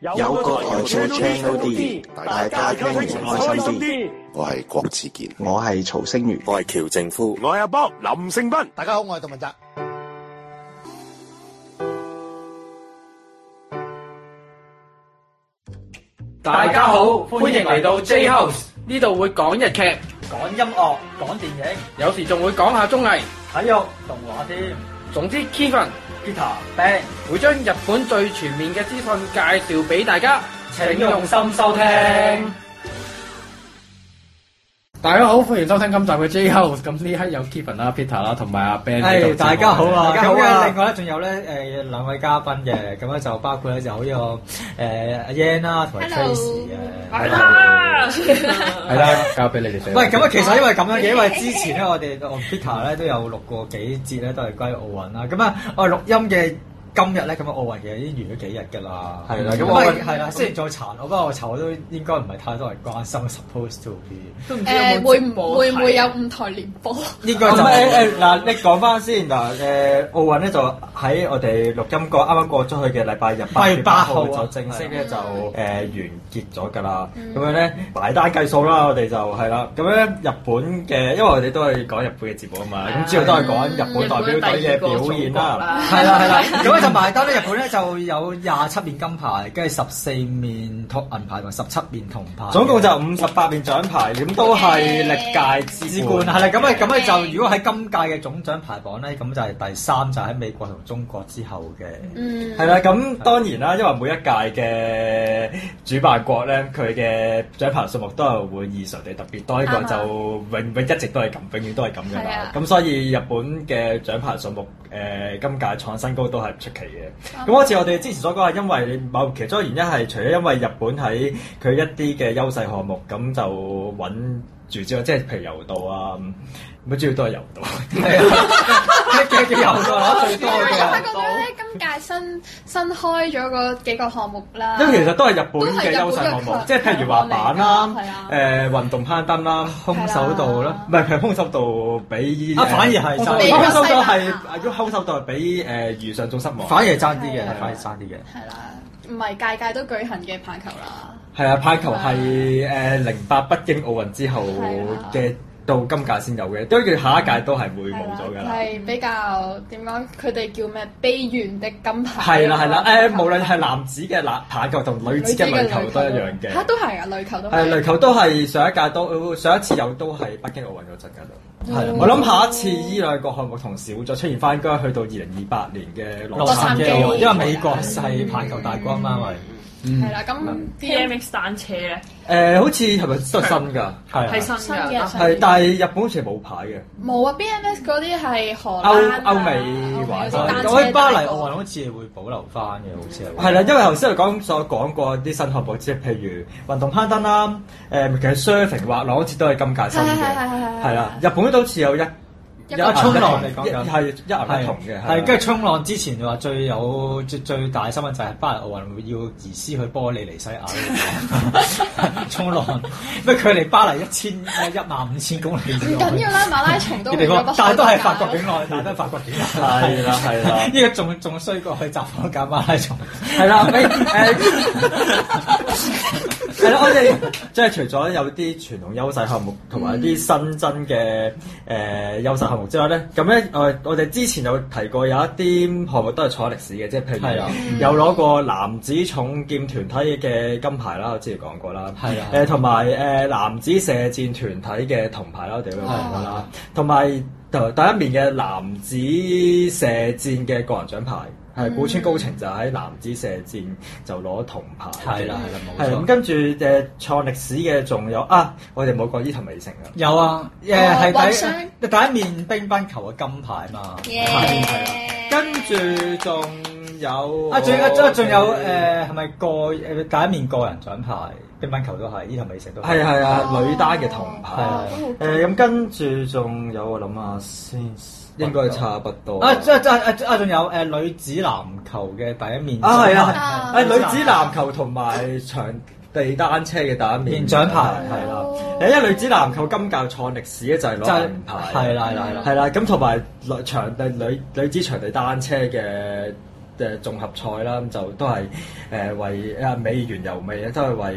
有個台出 channel D，大家聽完開心啲。我係郭志健，我係曹星如，我係喬正夫，我係阿 Bob 林勝斌，大家好，我係杜文澤。大家好，歡迎嚟到 J House，呢度會講日劇、講音樂、講電影，有時仲會講下綜藝、體育、動畫添。總之，Kevin。會將日本最全面嘅資訊介紹俾大家，請用心收聽。大家好，歡迎收聽今集嘅 J House。咁呢刻有 Kevin 啦、啊、Peter 啦、啊，同埋阿 Ben、哎。係大家好啊！咁、啊、另外咧，仲有咧，誒兩位嘉賓嘅。咁咧就包括咧，就有呢個誒阿 Yan 啦，同埋 Tracey 嘅。係啦 啊，啦，交俾你哋。喂， 咁啊，其實因為咁啊，因為之前咧，我哋我 Peter 咧都有錄過幾節咧，都係關於奧運啦。咁啊，我錄音嘅。今日咧咁嘅奧運其實已經完咗幾日㗎啦，係啦，咁我係啦，雖然再殘，我不過我查我都應該唔係太多人關心，supposed to 啲，都唔知會唔會會唔會有五台連播。呢個就誒嗱，你講翻先嗱誒奧運咧就喺我哋錄音過啱啱過咗去嘅禮拜日八月八號就正式咧就誒完結咗㗎啦，咁樣咧埋單計數啦，我哋就係啦，咁咧日本嘅，因為我哋都係講日本嘅節目啊嘛，咁之後都係講日本代表隊嘅表現啦，係啦係啦，咁。埋單咧，日本咧就有廿七面金牌，跟住十四面銅銀牌同埋十七面銅牌，總共就五十八面獎牌，咁都係歷屆之冠係啦。咁啊咁啊就，如果喺今屆嘅總獎牌榜咧，咁就係第三，就喺美國同中國之後嘅。嗯，係啦。咁當然啦，因為每一屆嘅主辦國咧，佢嘅獎牌數目都係會異常地特別多，呢個就永永一直都係咁，永遠都係咁嘅啦。咁所以日本嘅獎牌數目，誒今屆創新高都係唔出。嘅，咁好似我哋之前所講啊，因為某其中一個原因係，除咗因為日本喺佢一啲嘅優勢項目，咁就穩住之外，即係譬如柔道啊。乜，主要都係柔道，我覺得咧今屆新新開咗嗰幾個項目啦。因為其實都係日本嘅優勢項目，即係譬如滑板啦、誒運動攀登啦、空手道啦，唔係平空手道比反而係空手道係如果空手道比誒遇上總失望，反而爭啲嘅，反而爭啲嘅。係啦，唔係屆屆都舉行嘅棒球啦。係啊，棒球係誒零八北京奧運之後嘅。到今屆先有嘅，跟住下一屆都係會冇咗㗎喇。係、嗯、比較點講？佢哋叫咩？悲願的金牌係啦係啦，誒、欸、無論係男子嘅攔排球同女子嘅籃球都一樣嘅嚇，都係啊，壘球都係壘、欸、球都係上一屆都上一次有都係北京、哦、奧運嗰陣嘅我諗下一次依兩個項目同時會再出現翻，應該去到二零二八年嘅、哦、洛杉磯，因為美國係排球大國啊嘛，嗯嗯嗯係啦，咁 BMX 單車咧，誒、呃、好似係咪都係新㗎？係係新嘅，係但係日本好似係冇牌嘅。冇啊 BM、啊、X 嗰啲係韓歐歐美玩多，我喺巴黎奧運係好似會保留翻嘅，好似係。係啦、嗯，因為頭先嚟講所講過啲新項目，即係譬如運動攀登啦，誒其實 surfing 滑浪好似都係今屆新嘅，係啦，日本都似有一。啊！一一衝浪嚟講就係一啊不同嘅，係跟住衝浪之前話最有最最大新聞就係巴黎奧運會要移師去玻利尼西亞 衝浪，咩佢距離巴黎一千一萬五千公里？唔緊要啦，馬拉松 都，但係都係法國境內，但係都係法國境內。係啦，係啦，呢個仲仲衰過去札幌搞馬拉松，係啦，你誒。.係啦，我哋即係除咗有啲傳統優勢項目，同埋一啲新增嘅誒、呃、優勢項目之外咧，咁、嗯、咧我我哋之前有提過有一啲項目都係坐歷史嘅，即係譬如、嗯、有攞過男子重劍團體嘅金牌啦，我之前講過啦，誒同埋誒男子射箭團體嘅銅牌啦，我哋都講過啦，同埋同第一面嘅男子射箭嘅個人獎牌。係古村高晴就喺男子射箭就攞、是、銅牌，係啦，係啦，冇錯。咁跟住誒創歷史嘅仲有、啊、有啊，我哋冇過伊藤美誠啊。有啊、呃，誒係第第一面乒乓球嘅金牌嘛，係 Yeah 啦。跟住仲有啊，仲 Okay. 有，仲仲有誒係咪個誒第一面個人獎牌乒乓球都係伊藤美誠都係係啊女單嘅銅牌，誒咁跟住仲有我諗下先。應該差不多。啊，即係即係啊，仲有誒女子籃球嘅第一面啊，係啊，係，女子籃球同埋場地單車嘅第一面獎牌，係啦。誒，因為女子籃球今屆創歷史咧，就係攞銀牌，係啦，係啦。咁同埋場地女女子場地單車嘅嘅綜合賽啦，咁就都係誒為啊美元油味啊，都係為誒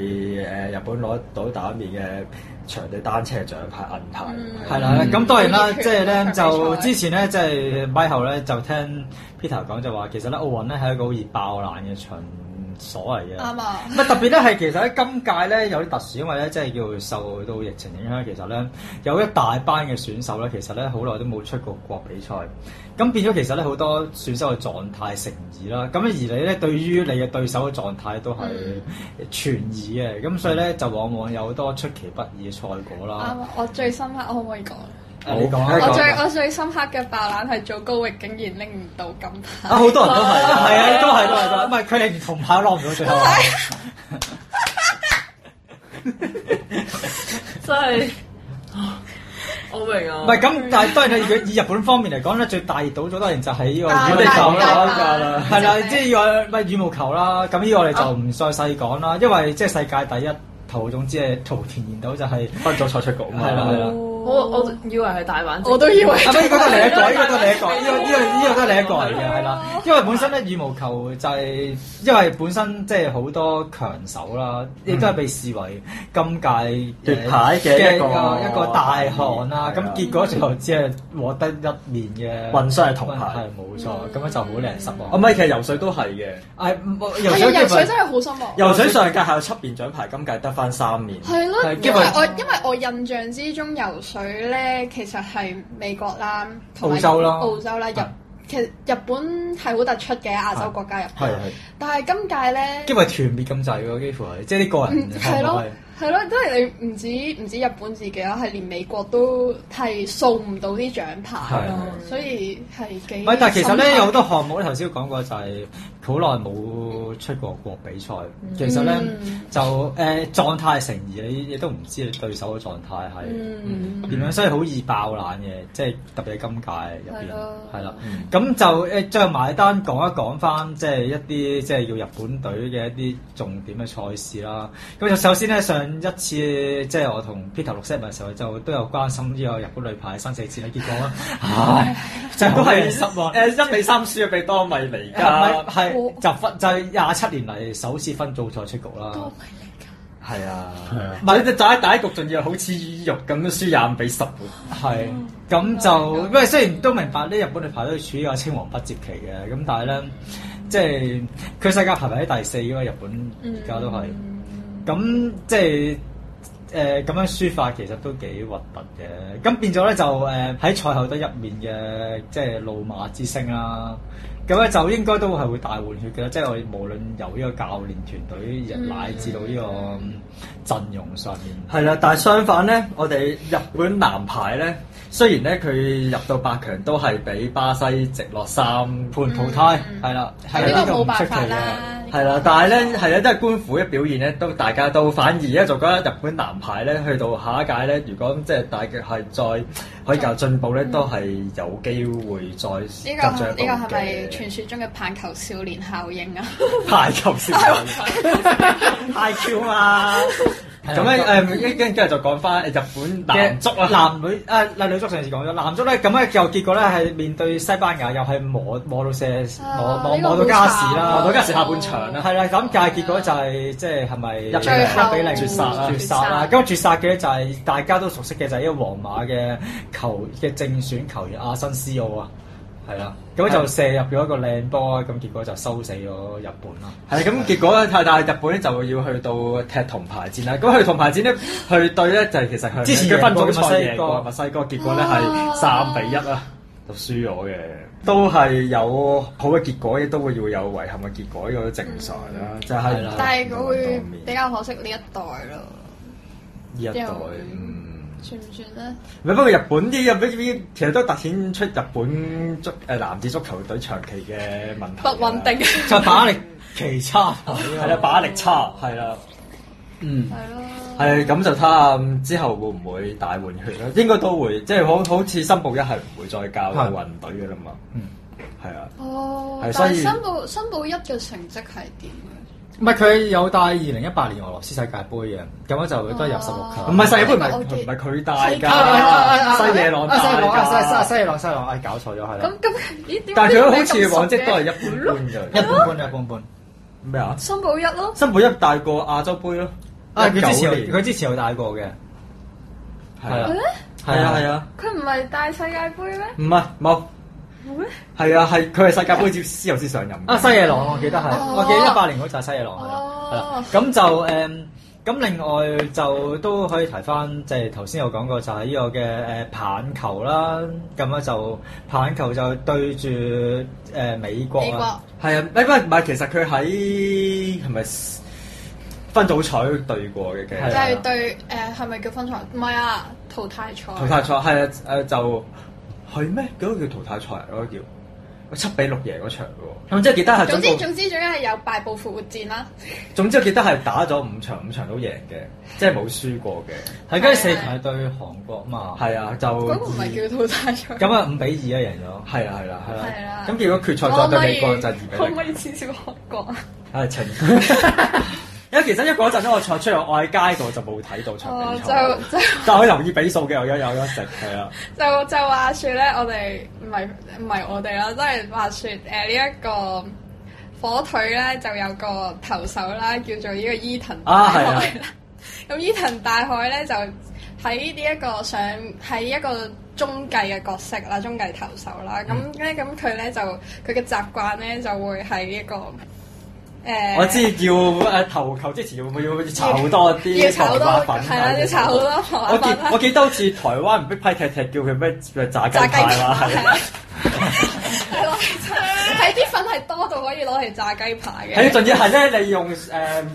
日本攞到第一面嘅。場地單車獎牌銀牌，係啦，咁 當然啦， 即係咧 就之前咧 即係咪後咧就聽 Peter 講就話，其實咧奧運咧係一個好易爆冷嘅場。所謂嘅吧，唔係特別咧，係其實喺今屆咧有啲特殊，因為咧即係叫受到疫情影響，其實咧有一大班嘅選手咧，其實咧好耐都冇出過國比賽，咁變咗其實咧好多選手嘅狀態成疑啦，咁而你咧對於你嘅對手嘅狀態都係存疑嘅，咁、嗯、所以咧、嗯、就往往有好多出其不意嘅賽果啦。啱我最深刻，可唔可以講？我最我最深刻嘅爆冷係祖高域竟然拎唔到金牌，好多人都係，係啊，都係都係，唔係佢哋唔同牌攞唔到最後，真係我明啊，唔係咁，但係當然以日本方面嚟講咧，最大熱倒灶當然就係呢個，唔好講啦，係啦，即係唔係羽毛球啦，咁呢我哋就唔再細講啦，因為即係世界第一，頭總之係桃田賢斗就係分咗賽出局，係啦係啦。我我以為係大玩，我都以為。啊咩？嗰個你一個，依個得你一個，呢個依個依個都你一個嚟嘅，係啦。因為本身咧羽毛球就係，因為本身即係好多強手啦，亦都係被視為今屆奪牌嘅一個大項啦。咁結果就只係獲得一面嘅混雙嘅銅牌，係冇錯。咁樣就好令人失望。唔係，其實游水都係嘅。係，游水真係好失望。游水上屆係七面獎牌，今屆得翻三面。係咯。因為我因為我印象之中游。水咧，其實係美國啦，同埋澳洲啦，日是其實日本係好突出嘅亞洲國家入邊，係係。但係今屆咧，幾乎係團滅咁滯喎，幾乎係即係呢個人係咯係咯，都係、嗯、你唔止唔止日本自己啦，係連美國都係送唔到啲獎牌咯，的所以係幾。喂，但係其實咧，有好多項目咧，頭先講過就係、是。好耐冇出過國比賽，其實咧就誒狀態成疑，你亦都唔知你對手嘅狀態係點樣，所以好易爆冷嘅，即係特別係今屆入邊，係啦。咁就誒將埋單講一講翻，即係一啲即係要日本隊嘅一啲重點嘅賽事啦。咁就首先咧，上一次即係我同 Peter 六 Seven 嘅時候就都有關心呢個日本女排三四戰嘅結果啦。唉，就都係失望誒，一比三輸俾多米嚟㗎，係。 就分就係廿七年嚟，首次分組賽出局啦。都係啊，係啊。唔係， 就第一第一局仲要好似魚肉咁輸廿五比十。係，咁就，因為 雖然都明白呢日本嘅排都處於個青黃不接期嘅，咁但係咧，即係佢世界排名喺第四嘅嘛，日本而家都係。咁 即係，誒、呃，咁樣輸法其實都幾核突嘅。咁變咗咧就，誒，喺賽後都入面嘅，即係怒罵之聲啦。咁咧就應該都係會大換血嘅，即係我哋無論由呢個教練團隊，亦乃至到呢個陣容上面。係啦、嗯，但係相反咧，我哋日本男排咧，雖然咧佢入到八強都係畀巴西直落三盤淘汰，係啦，係呢個好出奇啦。係啦，但係咧，係啦，都係官府嘅表現咧，都大家都反而咧，就覺得日本男排咧，去到下一屆咧，如果即係大腳係再。可以教進步咧，都係有機會再繼續。呢、呢個係咪傳説中嘅棒球少年效應啊？ 排球少年，排球啊！咁咧誒，跟跟跟住就講翻誒日本男足啦、啊，男女啊，男女足上次講咗，男足咧，咁咧又結果咧係面對西班牙又摸，又係磨磨到射、啊，磨磨磨到加時啦，磨到加時下半場啦、啊，係啦，咁屆結果就係即係係咪一比零絕殺啊？絕殺啊！咁絕殺嘅、啊、就係大家都熟悉嘅就係一個皇馬嘅球嘅正選球員阿辛斯奧啊！係啦，咁、啊、就射入咗一個靚波，咁結果就收死咗日本啦。係咁、啊、結果，但係，日本咧就要去到踢銅牌戰啦。咁去銅牌戰呢，去對咧就係、是、其實佢之前嘅分組賽嘅墨西哥，結果咧係三比一啦、啊，就輸咗嘅。都係有好嘅結果，亦都會要有遺憾嘅結果，呢個都正常啦。就係但係佢會比較可惜呢一代咯，呢一代。嗯算唔算咧？唔，不過日本啲日本啲，其實都凸顯出日本足誒男子足球隊長期嘅問題， 不穩定，就把力奇差，係啦，把力差，係啦、啊，嗯，係咯、啊，係咁就睇下之後會唔會大換血啦。應該都會，即係、嗯、好好似森保一係唔會再教運隊嘅啦嘛。嗯，係啊。哦、嗯，啊、但係森保森保一嘅成績係點？唔係佢有帶二零一八年俄羅斯世界盃嘅，咁樣就都係入十六強。唔係世界盃，唔係唔係佢帶噶，西野朗帶噶。西西野朗西野朗，哎搞錯咗係啦。咁咁咦點？但係佢好似往績都係一般般嘅，一般般一般般。咩啊？森保一咯，森保一帶過亞洲盃咯。啊，一九年，佢之前佢之前有帶過嘅，係啦，係啊係啊。佢唔係帶世界盃咩？唔係冇。係啊，係佢係世界盃接私有司上任啊，西野朗，我記得係，oh. 我記得一八年好似係西野朗，係啦、oh.，咁就誒，咁、嗯、另外就都可以提翻，即係頭先有講過就係呢個嘅誒棒球啦，咁啊就棒球就對住誒、呃、美國，係啊國，誒不唔係，其實佢喺係咪分組賽對過嘅？係對誒，係咪、呃、叫分組？唔係啊，淘汰賽，淘汰賽係啊誒就。.係咩？嗰、那個叫淘汰賽，嗰、那個叫七、那個、比六贏嗰場喎。總、那、之、個、得係總之總之總之係有敗部復活戰啦。 總之我記得係打咗五場，五場都贏嘅，即係冇輸過嘅。係跟住四強係對韓國嘛？係 啊，就嗰個唔係叫淘汰賽。咁啊，五比二啊贏咗。係啊，係啦、啊，係啦、啊。咁如、啊啊、果決賽再對美國就二比零。可唔可以恥笑韓國啊？係七。因為其實一嗰陣咧，我出嚟我喺街度就冇睇到出、哦。就，就就 但係好留意比數嘅，又有得食，係啊。就就話說咧，我哋唔係唔係我哋啦，即、就、係、是、話說誒呢一個火腿咧就有個投手啦，叫做呢個伊、e、藤大海啦。咁伊藤大海咧就喺呢一個上喺一個中繼嘅角色啦，中繼投手啦。咁咧咁佢咧就佢嘅習慣咧就會喺一個。欸、我知叫誒投球之前要會唔會要炒多啲炒米粉？係啊，要炒好多炒米粉。我記我記得好似台灣唔必批踢踢叫佢咩？叫炸雞排啦！係啊，係咯，係啲粉係多到可以攞嚟炸雞排嘅。係，仲要係咧，你用誒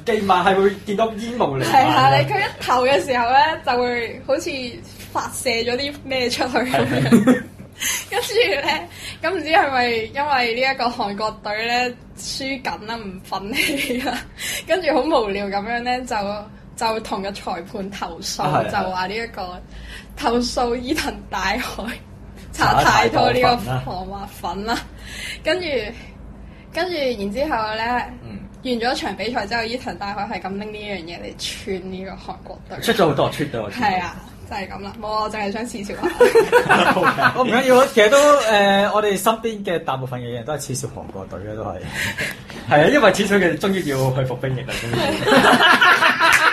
計物係會見到煙霧嚟。係啊，你佢一投嘅時候咧，就會好似發射咗啲咩出去。對 跟住咧，咁唔知係咪因為呢一個韓國隊咧輸緊啦，唔忿氣啦， 跟住好無聊咁樣咧，就就同個裁判投訴，啊啊、就話呢一個投訴伊、e、藤大海查太多呢個汗滑粉啦、啊， 跟住跟住，然後呢、嗯、之後咧完咗一場比賽之後，伊藤、嗯 e、大海係咁拎呢樣嘢嚟串呢個韓國隊，出咗好多，出咗好多，係啊。就係咁啦，冇啊！我淨係想恥笑啊 Okay.！我唔緊要，其實都誒、呃，我哋身邊嘅大部分嘅人都係恥笑韓國隊嘅都係，係啊， 因為恥笑佢哋終於要去服兵役啦，終於。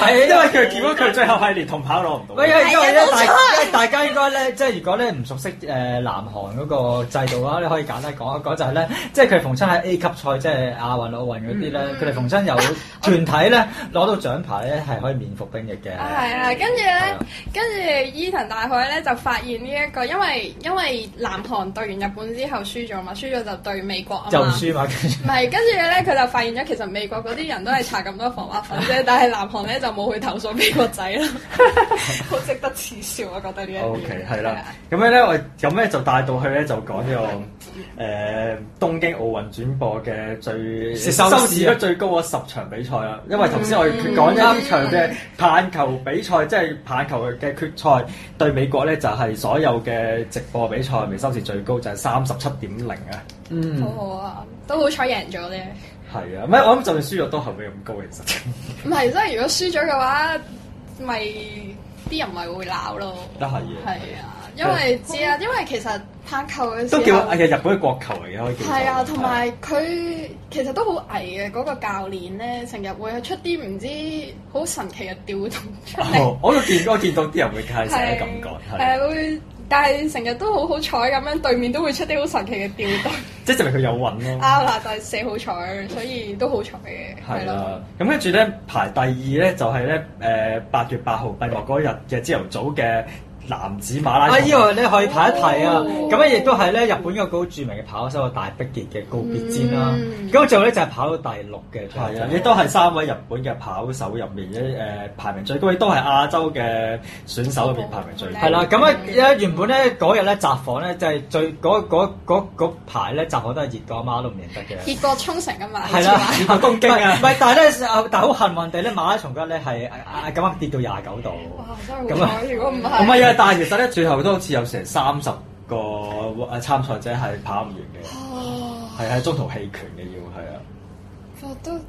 係，因為佢結果佢最後係連銅牌都攞唔到的。因為大，沒錯 為大家應該咧，即係 如果咧唔熟悉誒南韓嗰個制度啊，你可以簡單講一講就係咧，即係佢逢親喺 A 級賽，即係亞運、奧運嗰啲咧，佢哋、嗯、逢親有團體咧攞、啊、到獎牌咧係可以免服兵役嘅。係啊，跟住咧，跟住的伊藤大海咧就發現呢、這、一個，因為因為南韓對完日本之後輸咗嘛，輸咗就對美國啊嘛，就輸嘛，唔係 跟住咧佢就發現咗其實美國嗰啲人都係搽咁多防滑粉啫， 但係南韓就冇去投訴美國仔啦，好值得恥笑。我覺得呢一 OK 係啦。咁樣咧，我咁樣就帶到去咧、這個，就講呢個誒東京奧運轉播嘅最收視率最高嘅十場比賽啦。因為頭先我哋講一場嘅棒球比賽，即係 棒球嘅決賽對美國咧，就係所有嘅直播比賽未收視最高就 0,，就係三十七點零啊！嗯，好好啊，都好彩贏咗咧。係啊，唔係我諗，就算輸咗都後屘咁高其實 。唔係，即係如果輸咗嘅話，咪、就、啲、是、人咪會鬧咯。都係嘅。係啊的，因為知啊，嗯、因為其實拍球都叫、哎、日本嘅國球嚟嘅，可以叫。係啊，同埋佢其實都好危嘅嗰、嗰個教練咧，成日會出啲唔知好神奇嘅調動出嚟、哦。我都見過，見到啲人會曬成嘅感覺係。但係成日都好好彩咁樣，對面都會出啲好神奇嘅吊燈，即係證明佢有運咯、啊。啊嗱， 就係寫好彩，所以都好彩嘅。係啦、啊，咁了跟住咧排第二咧就係咧誒八月八號閉幕嗰日嘅朝頭早嘅。男子馬拉松啊！依個你可以睇一睇啊！咁啊，亦都係咧日本一個好著名嘅跑手大迫傑嘅告別戰啦。咁最後咧就係跑到第六嘅。係啊！亦都係三位日本嘅跑手入面嘅誒排名最高，亦都係亞洲嘅選手入面排名最高係啦。咁啊，原本咧嗰日咧集火咧就係最嗰排咧集火都係熱到阿媽都唔認得嘅。熱過沖繩啊嘛！係啦，熱過東京啊！唔係，但係咧但係好幸運地咧，馬拉松嗰日係咁啊跌到廿九度。哇！係如果唔係但係其實咧，最後都好似有成三十個誒參賽者係跑唔完嘅，哦，係喺中途棄權嘅要係啊。覺得，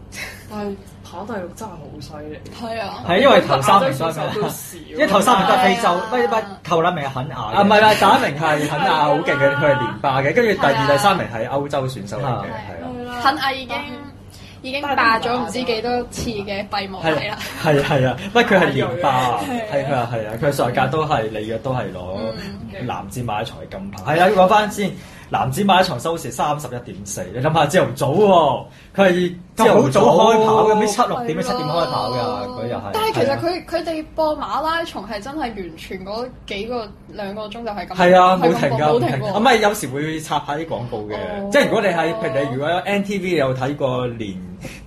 但係跑大陸真係好犀利，係 啊，係因為頭三名都因為頭三名係非洲，不不頭兩名係肯亞啊，唔係啦，第一名係肯亞好勁嘅，佢係連霸嘅，跟住 啦第二、第三名係歐洲選手嚟嘅，係啊 啦，肯亞已經。 已經霸咗唔知幾多次嘅閉幕禮啦，係啊係啊，乜佢係連霸啊，係佢啊係啊，佢 上屆都係，嗯、你嘅都係攞男子馬金、嗯 okay。來金牌，係啊，講翻先。男子馬拉松收視三十一點四，你諗下朝頭早喎，佢係朝頭早開跑嘅，啲七六點、七點開跑嘅佢又係。但係其實佢佢哋播馬拉松係真係完全嗰幾個兩個鐘就係咁，係啊，冇停噶，冇停。咁咪有時會插下啲廣告嘅，即係如果你係譬如你如果有 N T V 有睇過年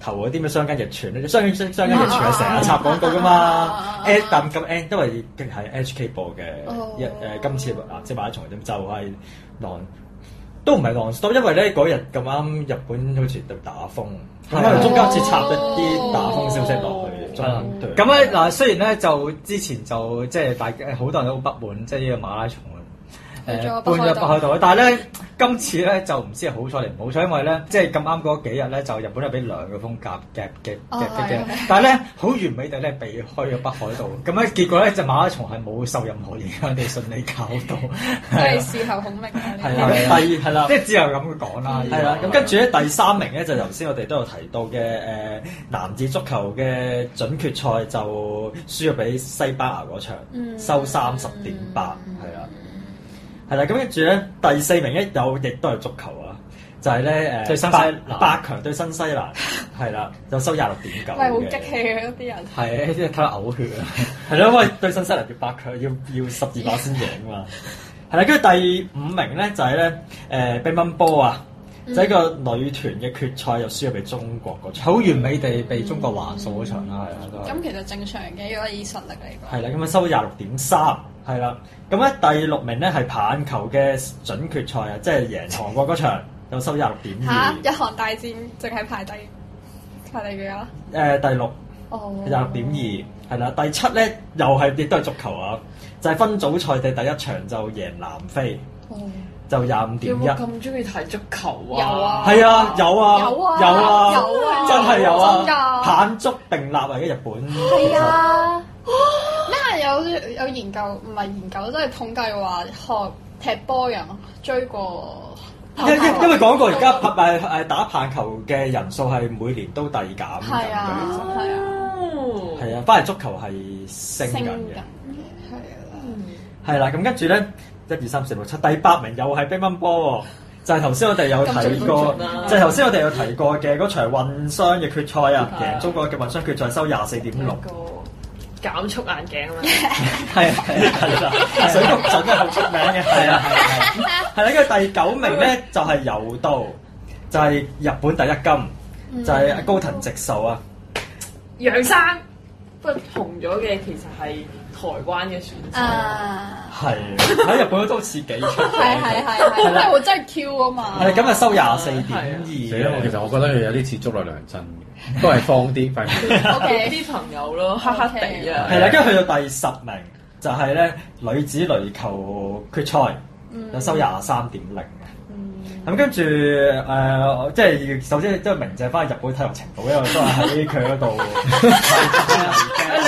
頭嗰啲咩商間日傳咧，商間商間日傳係成日插廣告噶嘛。N 特別今 N，因為係 H K 播嘅一今次即係馬拉松就係都唔係 non-stop，因為咧嗰日咁啱日本好似喺度打風，咁啊中間截插咗啲打風消息落去，真係咁咧嗱！雖然咧就之前就即係大家好多人都好不滿即係呢個馬拉松。誒半入北海道，但係咧今次咧就唔知係好彩定唔好彩，因為咧即係咁啱嗰幾日咧就日本係俾兩個風夾夾嘅夾嘅，但係咧好完美地咧避開咗北海道。咁咧結果咧隻馬拉松係冇受任何影響，哋順利搞到。係事後孔明係啦，第二係啦，即係之後咁講啦。係啦，咁跟住咧第三名咧就頭先我哋都有提到嘅誒男子足球嘅準決賽就輸咗俾西班牙嗰場，收三十點八係啦。係啦，咁跟住咧第四名咧有，亦都係足球啊，就係咧誒對新西蘭，八強對新西蘭，係啦，又收廿六點九。真係好激氣啊！啲人係啊，啲人睇到嘔血啊！係咯，喂，對新西蘭要八強，要要十二碼先贏啊嘛！係啦，跟住第五名咧就係咧誒乒乓波啊，就係一個女團嘅決賽又輸咗俾中國嗰場，好完美地被中國橫掃咗場啦，係啊都。咁其實正常嘅，如果以實力嚟講。係啦，咁啊收廿六點三。係啦，咁咧第六名咧係棒球嘅準決賽啊，即係贏韓國嗰場，有收廿六點二。嚇！日韓大戰淨係排第排第幾啊？誒，第六，廿六點二，係啦。第七咧又係亦都係足球啊，就係分組賽嘅第一場就贏南非，就廿五點一。咁中意睇足球啊？有啊，係啊，有啊，有啊，有真係有啊！棒足並立啊，而日本係啊。有有研究，唔係研究，即係統計話學踢波人追過。因因打因為講過，而家排排打棒球嘅人數係每年都遞減。係啊，係樣啊，係啊，翻嚟足球係升緊嘅。係啊，係啦、啊。咁跟住咧，一二三四五六七，第八名又係乒乓波，就係頭先我哋有提過，重重啊、就係頭先我哋有提過嘅嗰場混雙嘅決賽啊，其實中國嘅混雙決賽收廿四點六。減速眼鏡啊！係啊，水谷真係好出名嘅，係啊，係啊，係啦。跟住第九名咧就係柔道，就係日本第一金，就係高藤直守啊。楊生，不過紅咗嘅其實係台灣嘅選手啊，係喺日本都似幾出名，係係係，因為我真係 Q 啊嘛。係咁啊，收廿四點二，其實我覺得佢有啲似足竹內涼真都係放啲，放啲朋友咯，黑黑地啊。係啦，跟住去到第十名就係咧女子壘球決賽，有收廿三點零嘅。咁跟住誒，即係首先即係鳴謝翻日本體育程度，因為都係喺佢嗰度。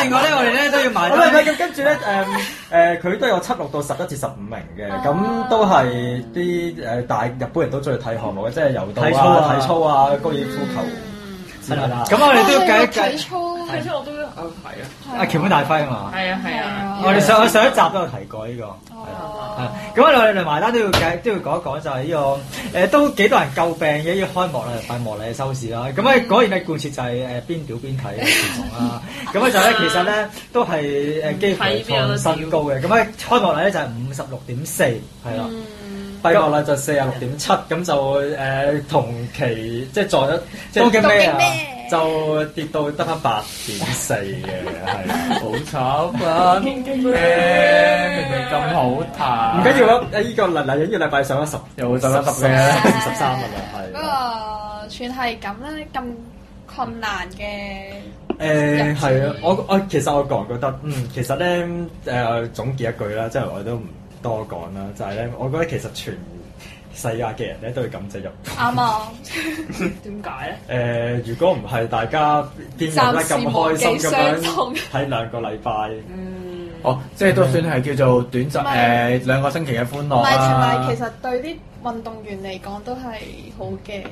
另外咧，我哋咧都要買。咁跟住咧，誒誒，佢都有七六到十一至十五名嘅，咁都係啲誒大日本人都中意睇項目嘅，即係柔道啊、體操啊、高爾夫球。咁我哋都要計一計，體操體操我都，係啊，阿橋本大輝啊嘛，係啊係啊，我哋上我上一集都有提過呢個，係啊，咁我哋嚟埋單都要計都要講一講就係呢個，誒都幾多人詬病嘅呢個開幕禮閉幕禮嘅收視啦，咁咧果然嘅貫徹就係誒邊屌邊睇啊，咁咧就咧其實咧都係誒幾乎創新高嘅，咁咧開幕禮咧就係五十六點四，係啦。閉幕禮就四啊六點七，咁就誒同期即係撞咗，即都叫咩啊？就跌到得翻八點四嘅，好好係好慘啊！咁好睇。唔緊要啦，呢個嚟嚟緊一個禮拜上咗十有 10,，又會上翻十嘅咧，十三嘅啦，係 的。不過算係咁啦，咁困難嘅。誒係啊，我我 其實我個人覺得，嗯，其實咧誒總結一句啦，即係我都唔多講啦，就係、是、咧，我覺得其實全世界嘅人咧都要感謝入啱啊錯，點解咧？誒、呃，如果唔係大家邊遊得咁開心咁樣，睇兩個禮拜， 嗯，好、哦，即係都算係叫做短暫誒、嗯呃、兩個星期嘅歡樂、啊。唔係，同埋其實對啲運動員嚟講都係好嘅，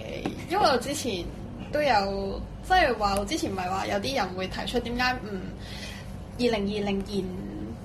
因為我之前都有即係話，就是、我之前唔係話有啲人會提出點解唔二零二零年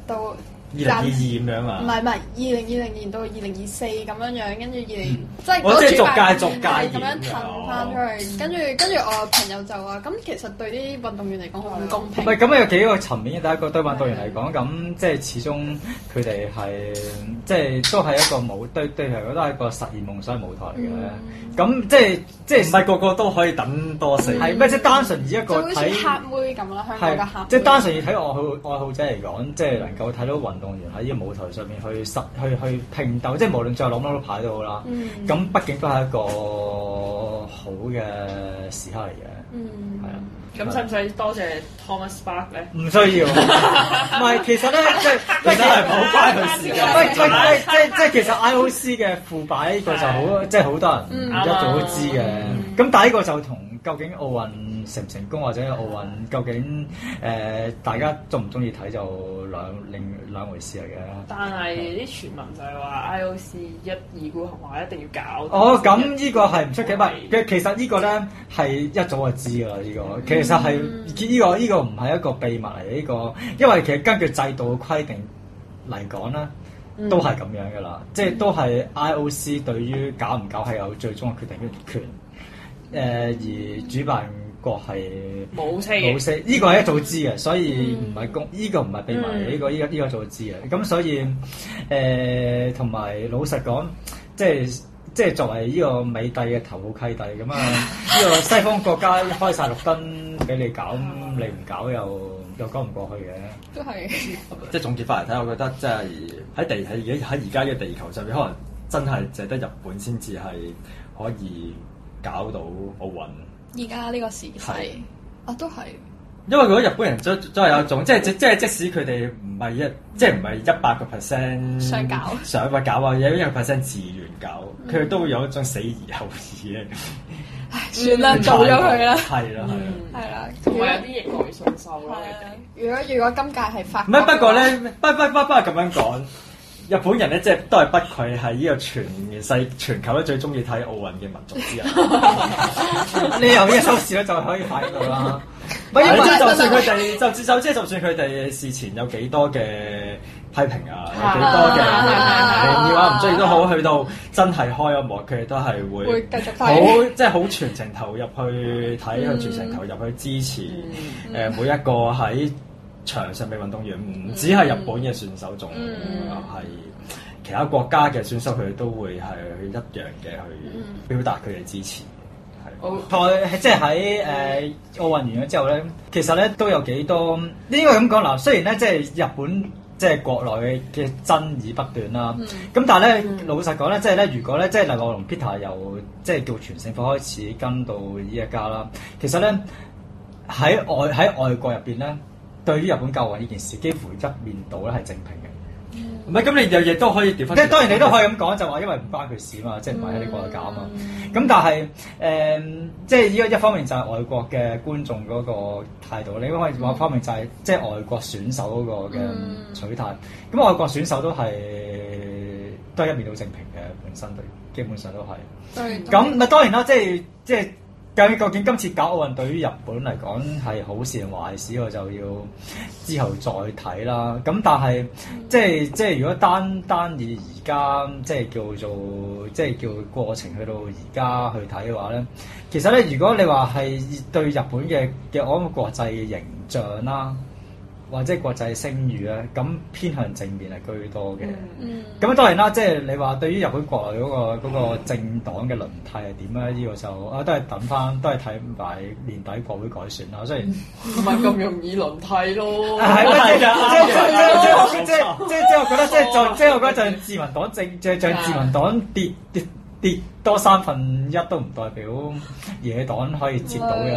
到，二零二二咁樣啊？唔係唔係，二零二零年到二零二四咁樣樣，跟住二零即係我即係逐屆逐屆咁樣褪翻出嚟，跟住跟住我朋友就話：咁其實對啲運動員嚟講好唔公平。唔係，咁有幾個層面。第一個對運動員嚟講，咁即係始終佢哋係即係都係一個舞對對佢嚟講都係一個實現夢想嘅舞台嚟嘅。咁即係即係唔係個個都可以等多四年？係咩？即係單純以一個睇黑妹咁啦，香港嘅黑，即係單純要睇愛好愛好者嚟講，即係能夠睇到運。運動員喺呢個舞台上面去實去去拼鬥，即係無論最後攞唔到牌都好啦。咁、嗯、畢竟都係一個好嘅時刻嚟嘅，係啊、嗯。咁使唔使多謝 Thomas Bach 咧？唔需要，唔係 其實咧，即係 其實好冇關佢事嘅。即即即其實 IOC 嘅腐敗呢個就好，即係好多人而家早都知嘅。咁、嗯嗯嗯、但係呢個就同究竟奧運成唔成功或者奧運究竟誒、呃、大家中唔中意睇就兩另兩回事嚟嘅。但係啲傳聞就係話 IOC 一意孤行話一定要搞。哦，咁呢、哦、個係唔出奇，唔係是其實個呢個咧係一早就知噶啦，呢、這個、嗯、其實係呢、這個呢、這個唔係一個秘密嚟嘅。依個因為其實根據制度嘅規定嚟講啦，都係咁樣噶啦，嗯嗯、即係都係 IOC 對於搞唔搞係有最終嘅決定權誒、呃、而主辦、嗯。個係冇冇聲，依個係一早知嘅，嗯、所以唔係公，依、呢個唔係秘密，呢、嗯呢個依、呢個依個早知嘅，咁所以誒同埋老實講，即係即係作為呢個美帝嘅頭號契弟咁啊，呢 個西方國家開晒綠燈俾你搞， 你唔搞又 又講唔過去嘅，都係即係總結翻嚟睇，我覺得即係喺地喺喺而家嘅地球上面，可能真係淨得日本先至係可以搞到奧運。而家呢個時勢，啊都係，因為如果日本人都都係有一種，即係即即即使佢哋唔係一，即係唔係一百個 percent 想搞，想話搞啊，有一個 percent 自願搞，佢哋都會有一種死而後已嘅。唉，算啦，做咗佢啦，係咯，係啦，會有啲逆來順受咯。如果如果今屆係發，唔係不過咧，不不不不咁樣講。日本人咧即係都係不愧係呢個全世全球咧最中意睇奧運嘅民族之一。 你有呢個收視咧就可以睇到啦。 即係就算佢哋 就即係就算佢哋事前有幾多嘅批評啊，啊有幾多嘅嘅話唔中意都好，啊、去到真係開幕，佢哋都係會,會繼續好即係好全程投入去睇， 去全程投入去支持誒、呃、每一個喺。場上嘅運動員唔、嗯、只係日本嘅選手，仲係、嗯、其他國家嘅選手，佢哋都會係一樣嘅去表達佢哋支持。奧賽即係喺誒奧運完咗之後咧，嗯、其實咧都有幾多？應該咁講啦。雖然咧即係日本即係、就是、國內嘅爭議不斷啦，咁但係咧老實講咧，即係咧如果咧即係例如我同 Peter 由即係、就是、叫全勝開始跟到依一家啦，其實咧喺外喺外國入邊咧。對於日本奧運呢件事，幾乎一面倒咧係正評嘅。唔係、嗯，咁你又亦都可以調翻。即係當然，你都可以咁講，就話因為唔關佢事啊嘛，即係唔係喺你國度搞啊嘛。咁、嗯、但係誒，即係依個一方面就係外國嘅觀眾嗰個態度。你可唔可以話一方面就係即係外國選手嗰個嘅取態？咁、嗯、外國選手都係都係一面倒正評嘅，本身對，對基本上都係。對。咁唔係當然啦，即係即係。即究竟今次搞奧運對於日本嚟講係好事定壞事，我就要之後再睇啦。咁但係即係即係如果單單以而家即係叫做即係叫過程去到而家去睇嘅話咧，其實咧如果你話係對日本嘅嘅我諗國際嘅形象啦，或者國際聲譽咧，咁偏向正面係居多嘅。咁當然啦，即係你話對於日本國內嗰個政黨嘅輪替係點咧？呢個就啊都係等翻，都係睇埋年底國會改選啦。雖然唔係咁容易輪替咯，係啊！即係即係即係即係即係即係我覺得即係就即係我覺得就自民黨正即係即係自民黨跌跌跌多三分一都唔代表野黨可以接到嘅，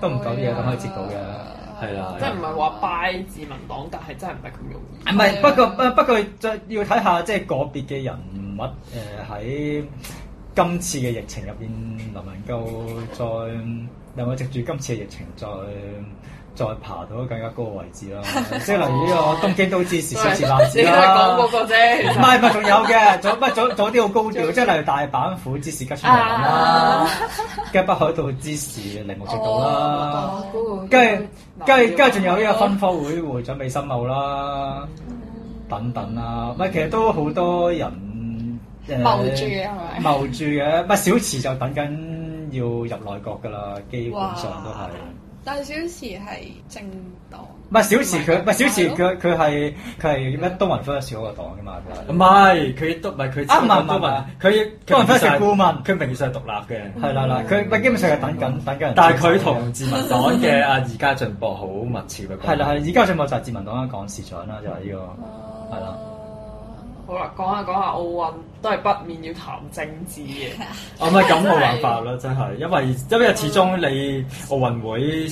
都都唔夠野黨可以接到嘅。係啦， 即係唔係話敗自民黨，但係真係唔係咁容易。唔係、哎嗯，不過不過，再要睇下即係、就是、個別嘅人物，誒、呃、喺今次嘅疫情入邊，能唔能夠再能唔能夠藉住今次嘅疫情再。再爬到更加高嘅位置咯，即係例如呢個東京都知事、小池老師啦，唔係唔係，仲、嗯、有嘅，仲乜仲仲啲好高調，即係例如大阪府知事吉村啦，跟、啊啊、北海道知事鈴木直道啦，跟住跟住跟住仲有呢個分科會會長尾身茂啦，等等啦，唔係 其實都好多人誒，呃、住係咪？謀住嘅，唔 小池就等緊要入內閣噶啦，基本上都係。但小池係政黨，唔係小池佢，唔係小池佢，佢係佢係咩？東民科小嘅黨嘅嘛？佢唔係佢都，唔係佢啊！民顧文，佢東分科係顧問，佢名義上係獨立嘅。係啦啦，佢基本上係等緊等緊人。但係佢同自民黨嘅阿二階俊博好密切嘅。係啦係，二階俊博就係自民黨嘅幹事長啦，就係呢個係啦。好啦，講下講下奧運。都係不免要談政治嘅。哦，唔係咁冇辦法啦，真係，因為因為始終你奧運會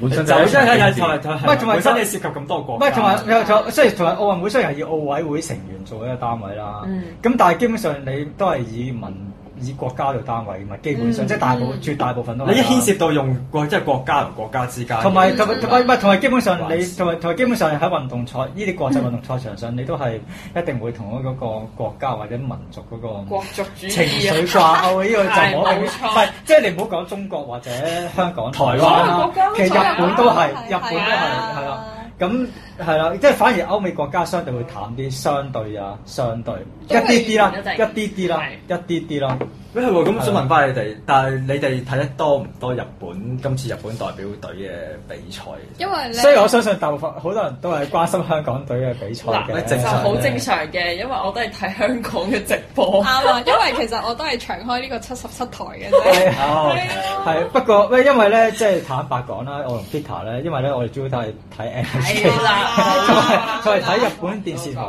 本身就係政治，唔係同埋本身你涉及咁多國，唔係同埋又錯，雖然同埋奧運會雖然係以奧委會成員做一個單位啦，咁但係基本上你都係以民。以國家做單位，咪基本上即係大部絕大部分都係你一牽涉到用國即係國家同國家之間，同埋同埋同埋同埋基本上你同埋同埋基本上喺運動賽呢啲國際運動賽場上，你都係一定會同嗰個國家或者民族嗰個國族主義掛鈎，呢個就冇錯，唔係即係你唔好講中國或者香港、台灣，其實日本都係日本都係係啦，咁。係啦，即係反而歐美國家相對會淡啲，相對啊，相對一啲啲啦，一啲啲啦，一啲啲啦。喂，係咁想問翻你哋，但係你哋睇得多唔多日本今次日本代表隊嘅比賽？因為，所以我相信大部分好多人都係關心香港隊嘅比賽嘅。就好正常嘅，因為我都係睇香港嘅直播。啱啊，因為其實我都係長開呢個七十七台嘅。係啊，不過，喂，因為咧，即係坦白講啦，我同 Peter 咧，因為咧，我哋主要都係睇 NBA 佢係睇日本電視台，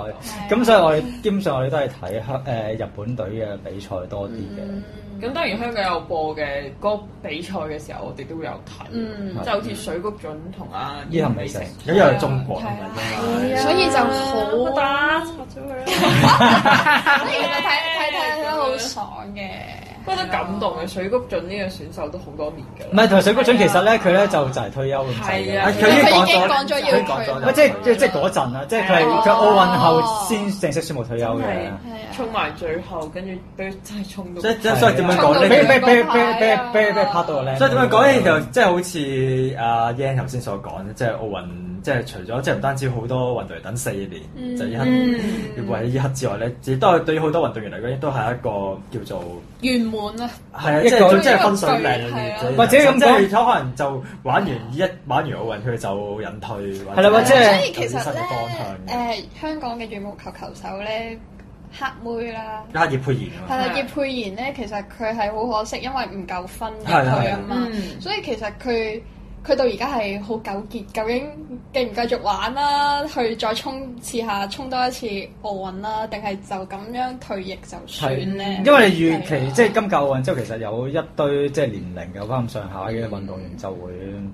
咁所以我哋基本上我哋都係睇香誒日本隊嘅比賽多啲嘅。咁當然香港有播嘅嗰比賽嘅時候，我哋都會有睇。嗯，即係好似水谷隼同阿伊藤美誠一樣係中國，所以就好。所以其實睇睇睇都好爽嘅。好得感動嘅，水谷隼呢個選手都好多年嘅。唔係，同埋水谷隼其實咧，佢咧就就係退休咁。係啊。佢已經講咗要退。唔係即係即係嗰陣啊，即係佢係佢奧運後先正式宣布退休嘅。係啊。衝埋最後，跟住都真係衝到。即即所以點樣講？俾俾俾俾俾俾俾俾拍到咧。所以點樣講咧？就即係好似阿 Yan 頭先所講咧，即係奧運。即係除咗即係唔單止好多運動員等四年，就一為一之外咧，亦都係對好多運動員嚟講，亦都係一個叫做圓滿啊！係啊，即係總之係分數靚啊！或者咁即係可能就玩完一玩完奧運，佢就引退。係啦，即係其實咧，誒香港嘅羽毛球球手咧，黑妹啦，啊葉佩妍啊，係啊葉佩妍咧，其實佢係好可惜，因為唔夠分佢啊嘛，所以其實佢。佢到而家係好糾結，究竟繼唔繼續玩啦、啊？去再衝次下，衝多一次奧運啦，定係、啊、就咁樣退役就算咧？因為預期的即係今屆奧運之後，其實有一堆即係年齡有翻咁上下嘅運動員就會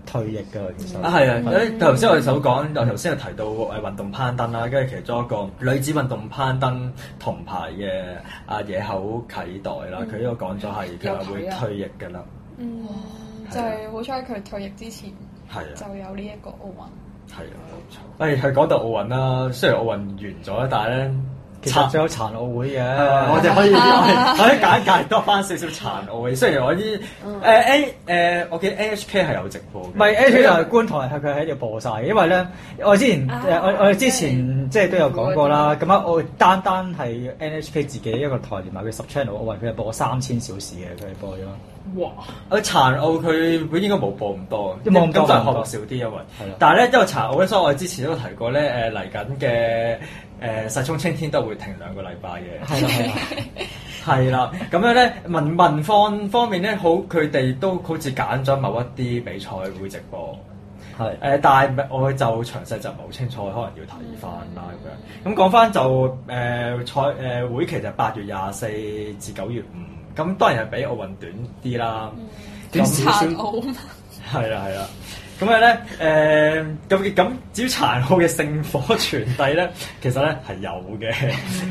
退役嘅。其實、嗯、啊，係啊，誒頭先我哋首講又頭先又提到誒運動攀登啦，跟住其中一個女子運動攀登銅牌嘅阿野口啟代啦，佢呢、嗯、個講咗係佢話會退役嘅啦。有、嗯嗯就係好彩佢退役之前，就有呢一個奧運，係啊，冇錯。誒、哎，係講到奧運啦。雖然奧運完咗但係咧，其實仲有殘奧會嘅，是是我哋可以可以簡介多翻少少殘奧會。雖然我啲誒 A 誒，uh, uh, 我記得 NHK 係有直播，嘅。唔係 NHK 係觀台，係佢喺度播晒，因為咧，我之，啊 okay. 我之前誒我我之前即係都有講過啦。咁啊，我單單係 NHK 自己一個台連埋佢十 channel，奧運佢係播三千小時嘅，佢係播咗。哇！誒殘奧佢本應該冇播咁多，咁就可能少啲，金層 因為。係啦的。但係咧，因為殘奧咧，所以我哋之前都提過咧，誒嚟緊嘅誒實充青天都會停兩個禮拜嘅。係啦，係啦。係啦，咁樣咧文文況方,方面咧，好佢哋都好似揀咗某一啲比賽會直播。係的。誒、呃，但係我就詳細就唔係好清楚，可能要睇翻啦咁樣。咁講翻就誒賽誒會期就八月廿四至九月五。咁當然係比奧運短啲啦，點殘奧啊？係啦係啦，咁樣咧誒，咁咁、 呃、至於殘奧嘅聖火傳遞咧，其實咧係有嘅，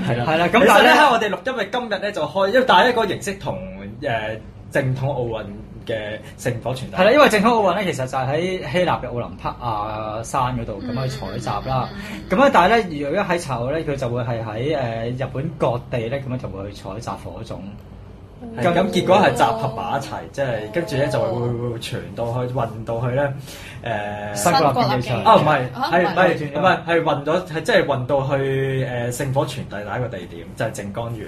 係啦係啦。咁但係是咧，我哋錄音嘅今日咧就開，因為但係一個形式同誒、呃、正統奧運嘅聖火傳遞係啦，因為正統奧運咧其實就係喺希臘嘅奧林匹亞山嗰度咁去採集啦。咁啊，但係咧，如果喺殘奧咧，佢就會係喺誒日本各地咧咁樣同佢去採集火種。咁結果係集合埋一齊，即係跟住咧就會會傳到去運到去咧，誒新國立競技場哦。唔係，係係運到，係即係運到去誒聖火傳遞第一個地點就係靜岡縣，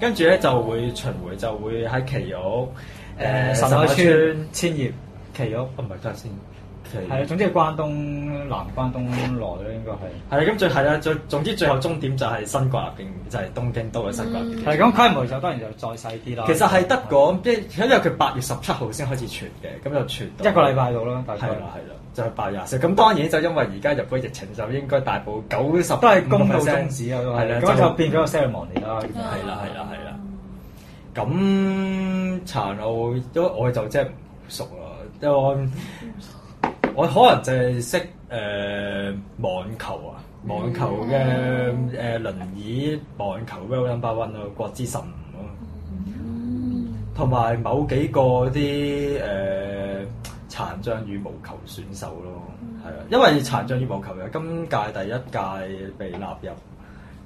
跟住咧就會巡迴就會喺埼玉誒神海村千葉埼玉，唔係新光。係啊，總之關東南關東來啦，應該係。係啊，咁最係啦，最總之最後終點就係新國立京，就係東京都嘅新國。係咁，規模就當然就再細啲啦。其實係得講，即因為佢八月十七號先開始傳嘅，咁就傳一個禮拜到啦。係啦，係啦，就係八月廿四。咁當然就因為而家日本疫情就應該大部九十都係公到終止啦。係啦，咁就變咗 sell 忙啲啦。係啦，係啦，係啦。咁殘奧都我就即係唔熟啦，都。我可能就係識誒、呃、網球啊，網球嘅誒、呃、輪椅網球 World 咯，No. 1，國枝慎吾咯、啊，同埋某幾個啲誒、呃、殘障羽毛球選手咯，係啊、嗯，因為殘障羽毛球又今屆第一屆被納入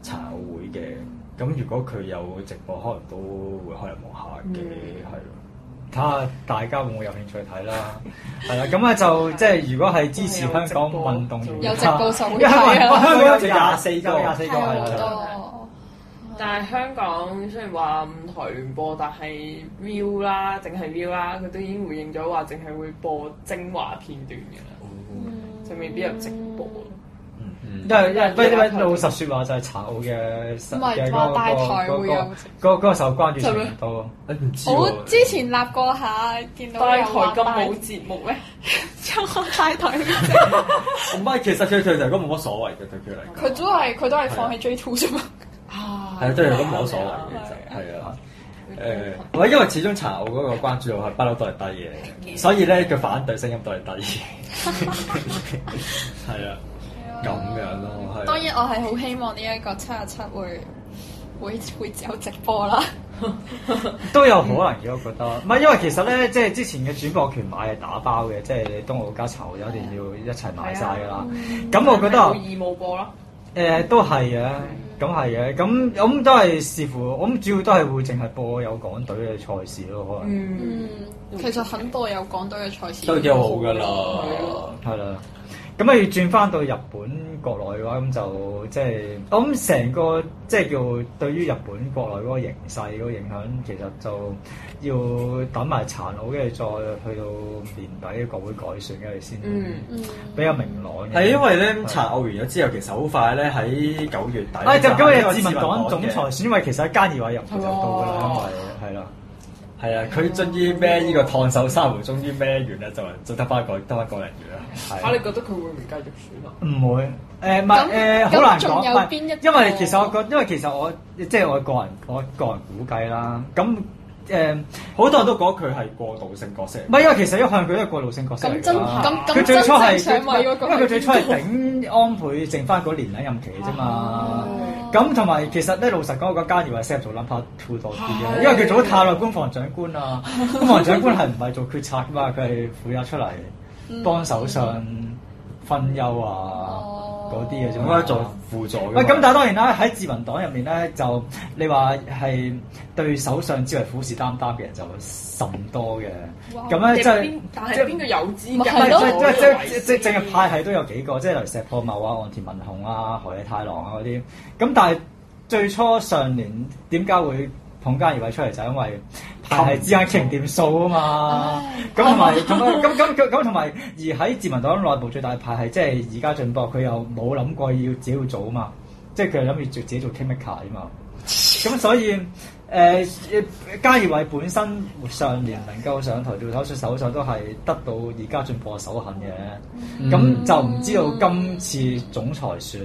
殘奧會嘅，咁如果佢有直播，可能都會可以望下嘅，係、嗯。睇下大家會唔會有興趣睇啦，係啦， 咁啊就即係如果係支持香港運動員啦，因為香港有廿四個，廿四個係啦。但係香港雖然話五台聯播，但係 view 啦，淨係 view 啦，佢都已經回應咗話，淨係會播精華片段嘅啦，嗯、就未必有直播。因為因為呢位老實說話就係殘奧嘅大台個個時候關注度多，我之前立過下見到有話。大台咁冇節目咩？大台唔係，其實佢佢就係咁冇乜所謂嘅對佢嚟講。佢都係佢都係放喺 J Two 啫嘛。係啊，真係咁冇乜所謂嘅啫。係啊，誒，喂，因為始終殘奧嗰個關注度係不嬲都係低嘅，所以咧佢反對聲音都係低嘅。係啊。咁樣咯，係當然我係好希望呢一個七啊七會會會有直播啦，都有可能嘅，我覺得，唔係因為其實咧，即係之前嘅轉播權買係打包嘅，即係你東奧家籌有一定要一齊買晒噶啦，咁我覺得冇義務播咯，誒都係嘅，咁係嘅，咁咁都係視乎，我諗主要都係會淨係播有港隊嘅賽事咯，可能，嗯，其實很多有港隊嘅賽事都幾好㗎啦，係啦。咁啊，要轉翻到日本國內嘅話，咁就即係、就是、我諗成個即係、就是、叫對於日本國內嗰個形勢嗰個影響，其實就要等埋殘奧跟住再去到年底嘅國會改選跟住先，嗯，比較明朗。係、嗯嗯、因為咧，殘奧是完咗之後，其實好快咧，喺九月底。哎、啊，就今日，自民黨總裁選委，其實喺菅義偉入面就到噶啦，哦、因為係啦。係啊，佢終於孭呢、這個燙手山芋終於孭完咧，就就得翻個得翻個零月啦。嚇、啊啊，你覺得佢會唔會繼續選啊？唔會。誒、呃，唔係誒，好、呃、難講。咁仲有邊一啲？因為其實我覺得，因為其實我即係、就是、我個人，我個人估計啦。咁。誒，好、嗯、多人都講佢係過渡性角色，唔係因為其實一向佢都係過渡性角色嚟嘅。咁佢最初係那他因為佢最初係頂安倍，剩翻嗰年嘅任期啫嘛。咁同埋其實咧，老實講，我覺得菅義偉係適合做 number two 多啲嘅，啊、因為佢做咗太耐官房長官啊，官的房長官係唔係做決策噶嘛。佢係負責出嚟幫手上嗯嗯分憂啊，嗰啲嘅，咁樣做輔助。喂、啊，咁但係當然啦，喺自民黨入面咧，就你話係對首相之為虎視眈眈嘅人就甚多嘅。咁咧即係，即係邊個有資格？即係即係即係政派係都有幾個，即係例如石破茂啊、岸田文雄啊、河野太郎啊嗰啲。咁但係最初上年點解會捧菅義偉出嚟，就係、因為。派系之間傾點數啊嘛，咁同埋同埋咁咁咁同埋，而喺自民黨內部最大派系，即係而家進博，佢又冇諗過要自己要做啊嘛，即係佢諗住做自己做 chemistry 啊嘛，咁所以。誒菅義偉本身上年能夠上台做首相，首相都係得到而家進步嘅首肯嘅。咁、mm hmm. 就唔知道今次總裁選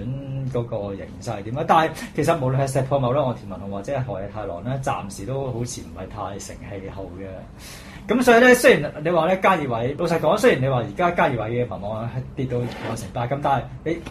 嗰個形勢係點啊？但係其實無論係石破茂我田文雄或者河野太郎咧，暫時都好似唔係太成氣候嘅。咁所以咧，雖然你話咧菅義偉，老實講，雖然你話而家菅義偉嘅民望係跌到成八，咁但係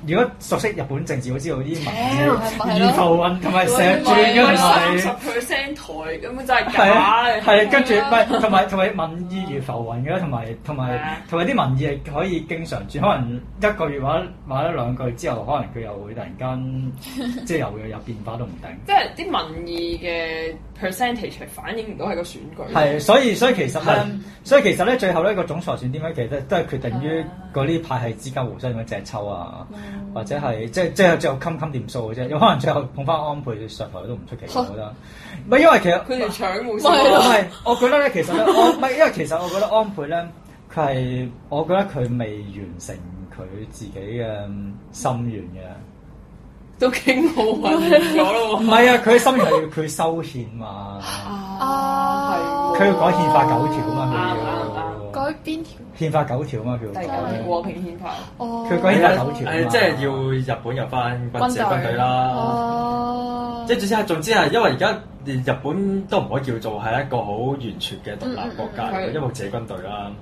你如果熟悉日本政治，會知道啲民意如浮雲，同埋成日轉嘅嚟。十 percent、啊啊、台咁咪真係係、啊啊啊、跟住著，唔係同埋同埋民意如浮雲嘅，同埋同埋同埋啲民意係可以經常轉，可能一個月或者或者兩個月之後，可能佢又會突然間即係又又有變化都唔定。即係啲民意嘅 percentage 係反映唔到係個選舉。係，所以所以，所以其實。Um, 所以其實咧，最後咧個總裁選點樣，其實都係決定於嗰啲派係資格互相點樣借抽啊，嗯、或者係即即最後砍砍點數嘅啫。有可能最後捧翻安倍上台都唔出奇，啊、我覺得。唔係因為其實佢哋腸冇伸。唔係，我覺得咧其實唔係 因為其實我覺得安倍咧，佢係我覺得佢未完成佢自己嘅心願嘅。都幾好啊！唔係 啊，佢心願係佢收錢嘛。佢要改憲法九條啊嘛，啱啱、哦、改邊條？憲法九條啊嘛，條九條，即係和平憲法。佢改依家九條啊、呃、即係要日本入翻軍事軍隊啦。隊哦。即係總之，總之係因為而家日本都唔可以叫做係一個好完全嘅獨立國家，嗯嗯 okay。因為自己軍隊啦。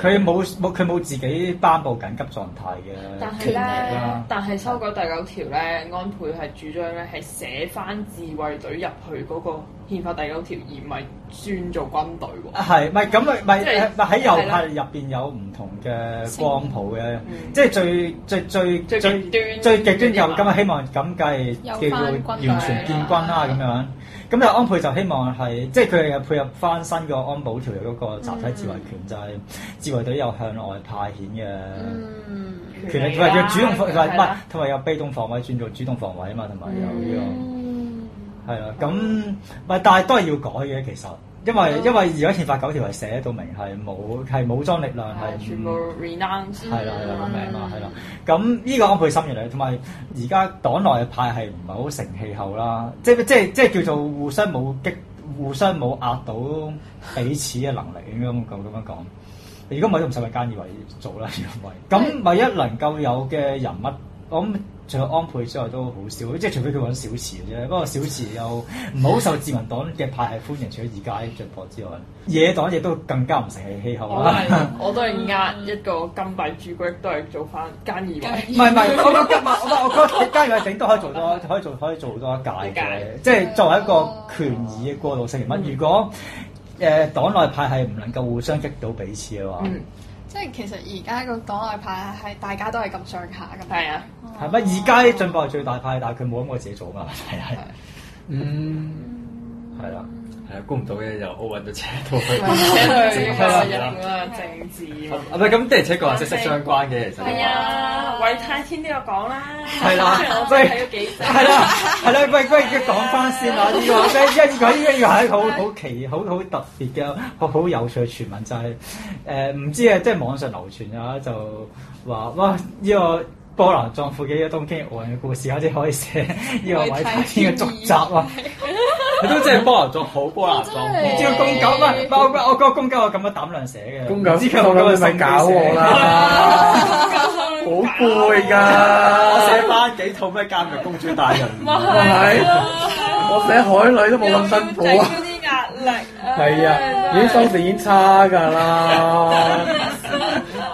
佢冇冇佢冇自己頒布緊急狀態嘅，但係咧，但係修改第九條咧，安倍係主張咧，係寫翻自衛隊入去嗰個憲法第九條，而唔係宣做軍隊喎。係咪咁？咪咪喺右派入邊有唔同嘅光譜嘅，即係最最最最最最極端又今日希望咁計叫完全建軍啦咁樣。咁啊，安倍就希望係即係佢哋又配合翻新個安保條約嗰個集體自衛權，就係、嗯、自衛隊又向外派遣嘅權力，同埋佢主動防，唔係唔係，同埋是的有被動防衛轉做主動防衛啊嘛，同埋有呢、呢個係啊，咁唔係，但係都係要改嘅其實。因為因為而家憲法九條係寫到明係冇係武裝力量係全部 renounce，係啦係啦不個名嘛係啦，咁呢、嗯嗯、個安倍心嘅咧，同埋而家黨內嘅派係唔係好成氣候啦，即係即係即係叫做互相冇激互相冇壓到彼此嘅能力應該咁咁咁樣講。如果冇咗唔使咪間議委做啦，咁唯一能夠有嘅人物。欸我諗除咗安倍之外都好少，即係除非佢揾小池嘅啫。不過小池又唔好受自民黨嘅派系歡迎，除咗二階著破之外，野黨亦都更加唔成氣候，好我， 我都係呃一個金幣朱古力，都係做翻菅義偉。唔係唔係，我覺得菅義偉整都可以做多，可以做可以做多一屆嘅。即係作為一個權宜嘅過渡性嘅、嗯、如果誒黨內派係唔能夠互相激到彼此嘅話，嗯即係其實而家個黨內派系大家都係咁上下㗎，係啊，係咪而家進步係最大派？但係佢冇諗過自己做㗎嘛，係啊，啊嗯，係啦、嗯。係估唔到嘅又奧運就扯到去政治啦，咁啊政治啊，唔係咁，而且個話息息相關嘅其實係啊，韋馱天都有講啦，係啦，喂，係啦，係啦，喂，喂，講翻先啦，呢個即係一講呢個係好好奇、好好特別嘅好好有趣嘅傳聞，就係誒唔知啊，即係網上流傳啊，就話哇呢個波瀾壯闊嘅東京奧運嘅故事，好似可以寫呢個韋馱天嘅續集啊！你都真係波蘭作好，波蘭作。照公狗唔係唔係，我個我個公狗我咁嘅膽量寫嘅。公狗，知佢，我諗你咪搞我啦？好攰㗎。我寫翻幾套咩《監獄公主大人》。咪係咯。我寫海女都冇咁辛苦啊。要頂啲壓力啊。係啊，啲收成差㗎啦。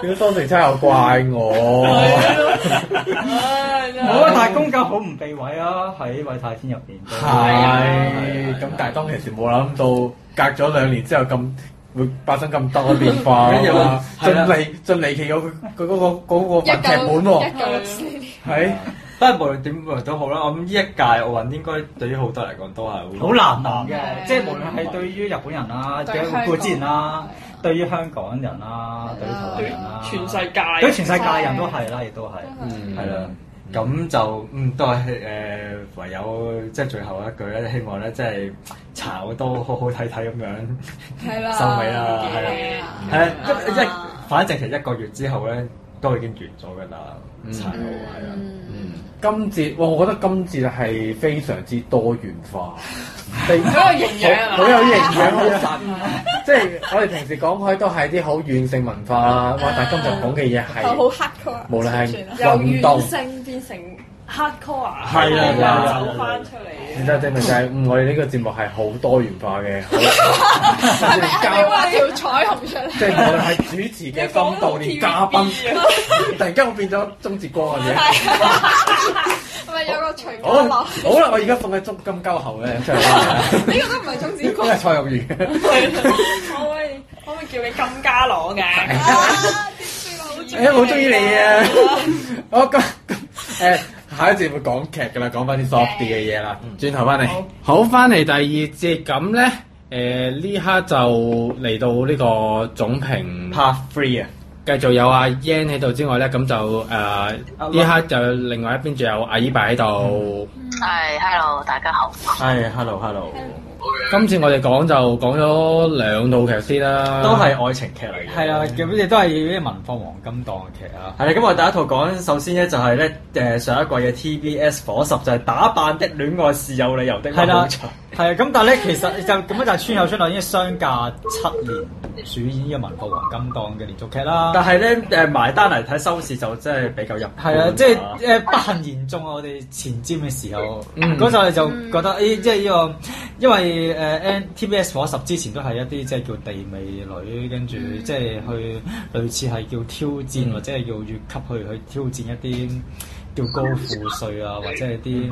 啲收成差又怪我。係啊。我啊！但係公狗好唔避位啊，喺位太師入邊。係咁，但係當其時冇諗到，隔咗兩年之後咁會發生咁多變化。咁又話仲離仲離奇咗佢嗰個嗰個劇本喎。一九一九六四年。係，不過無論點都好啦，我諗呢一屆奧運應該對於好多嚟講都係好難難嘅。即係無論係對於日本人啦，嘅之前啦，對於香港人啦，對於台灣人啦，全世界，對全世界人都係啦，亦都係，係啦。咁 就嗯都係誒、呃，唯有即係最後一句咧，希望咧即係炒都好好睇睇咁樣， 啦收尾、啊、 啦，係啦，係啦，即即反正其實一個月之後咧都已經完咗㗎啦，炒係啦，嗯，今節哇我覺得今節係非常之多元化。 好 有營養，好神！ 即係 我哋平時講開都係啲好軟性文化啦， 哇！但係今日講嘅嘢係好黑， 嗯、無論係由 軟性變成。hardcore 啊！走翻 Hard 出嚟，嗯、其實證明就係我哋呢個節目係好多元化嘅，好啦，交條彩虹出嚟。即係 我哋係主持嘅風度，啲嘉、 啊、賓突然間我變咗鍾志光嘅嘢。係咪有個彩虹？好啦，好啦，我而家放喺鍾金鳩喉嘅出嚟。呢個都唔係鍾志光，係蔡玉如。可唔可以可唔可以叫你金家朗嘅、 啊欸？我好中意你啊！我咁。誒，uh, 下一節會講劇噶啦，講翻啲 soft 啲嘅嘢啦。轉頭翻嚟，Okay. 好，翻嚟第二節。咁咧，誒、呃，呢刻就嚟到呢個總評 part three 啊。繼續有阿 Yan 喺度之外咧，咁就誒，呢、呃 uh huh. 刻就另外一邊仲有阿 aiba 喺度。係、uh huh.，hello，大家好。係，hello，hello。今次我哋講就講咗兩套劇先啦，都係愛情劇嚟嘅，係啊，咁亦都係啲民放黃金檔嘅劇啊、嗯。係啦，咁我哋第一套講，首先咧就係咧，誒上一季嘅 TBS 火十就係、是《打扮的戀愛是有理由的》，冇錯。係啊，咁但係咧，其實就咁樣就川口春奈已經相隔七年主演嘅《文豪黃金檔》嘅連續劇啦，但係咧，誒埋單嚟睇收視就真係比較入。係啊，即係誒不幸言中啊！我哋前瞻嘅時候，嗰陣、嗯、我就覺得呢，即係呢個，因為誒、呃、NTBS 火十之前都係一啲即係叫地味女，跟住即係去類似係叫挑戰，嗯、或者係要越級去去挑戰一啲。叫高富帥啊，或者係啲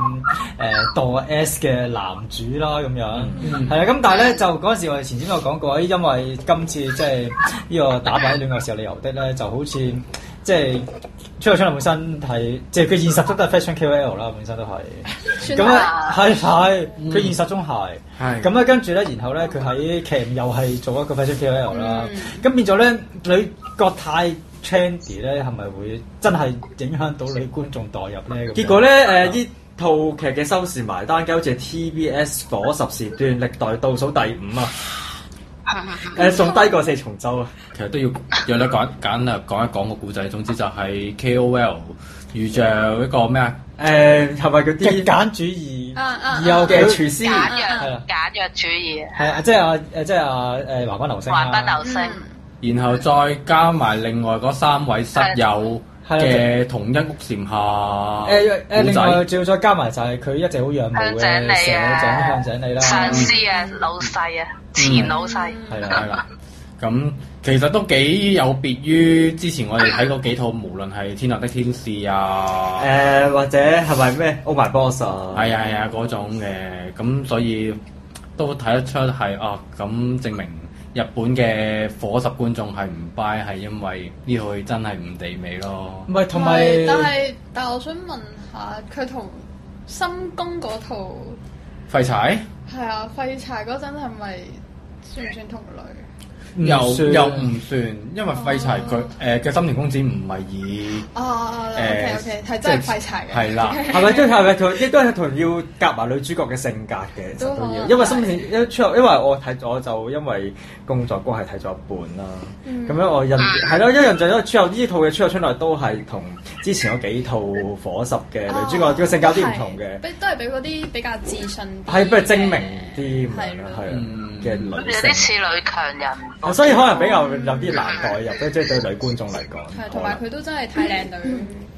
誒墮 S 嘅男主啦咁樣，係啦。咁但係咧，就嗰陣時我哋前先都有講過，因為今次即係呢個打扮的戀愛是有理由的咧，就好似即係出嚟出嚟本身係即係佢現實都係 fashion K O L 啦，本身都係。咁咧係佢現實中係。係。咁咧跟住咧，然後咧佢喺劇又係做一個 fashion K O L 啦。咁變咗咧，女角泰。Chandy 咧係咪會真係影響到你觀眾代入咧？結果咧誒呢、呃、套劇嘅收視埋單，好似係 TBS 火十時段歷代倒數第五啊！誒、呃、仲低過四重奏啊！其實都要讓你簡簡誒講一講一個故仔。總之就係 KOL 遇着一個咩啊？誒係咪嗰啲簡主義？嗯，有嘅廚師。簡約。係啦、啊，簡約主義。係啊，啊，即係啊誒，即、就、係、是、啊誒，華、就、軍、是啊、流星、啊？華軍流星？Mm. 然後再加埋另外嗰三位室友嘅同一屋檐下，誒誒，另外仲要再加埋就係佢一直好仰慕嘅向井你啊，上司啊，老細啊，前老細，係啦係啦。咁其實都幾有別於之前我哋睇過幾套，無論係《天下的天使》啊，誒或者係咪咩《Oh My Boss》？係啊係啊，嗰種嘅咁，所以都睇得出係啊，咁證明。日本嘅火十觀眾係唔 buy 係因為呢去真係唔地味咯。唔係同埋，但係但係我想問下佢同深宮嗰套廢柴？係啊，廢柴嗰陣係咪算唔算同類？又又唔算，因為廢柴佢誒嘅深田恭子唔係以哦哦，哦，係真廢柴嘅，係啦，係咪即係佢亦都係同要夾埋女主角嘅性格嘅，都要，因為深田，一出，因為我睇咗，就因為工作關係睇咗一半啦，咁樣我印，係咯，因為認咗出後呢套嘅出後出嚟都係同之前嗰幾套火十嘅女主角嘅性格啲唔同嘅，都係俾嗰啲比較自信，係不如精明啲，係咯，係啊。女有啲似女強人，所以可能比較有啲難代入，嗯、即係對女觀眾嚟講。同埋佢都真係太靚女，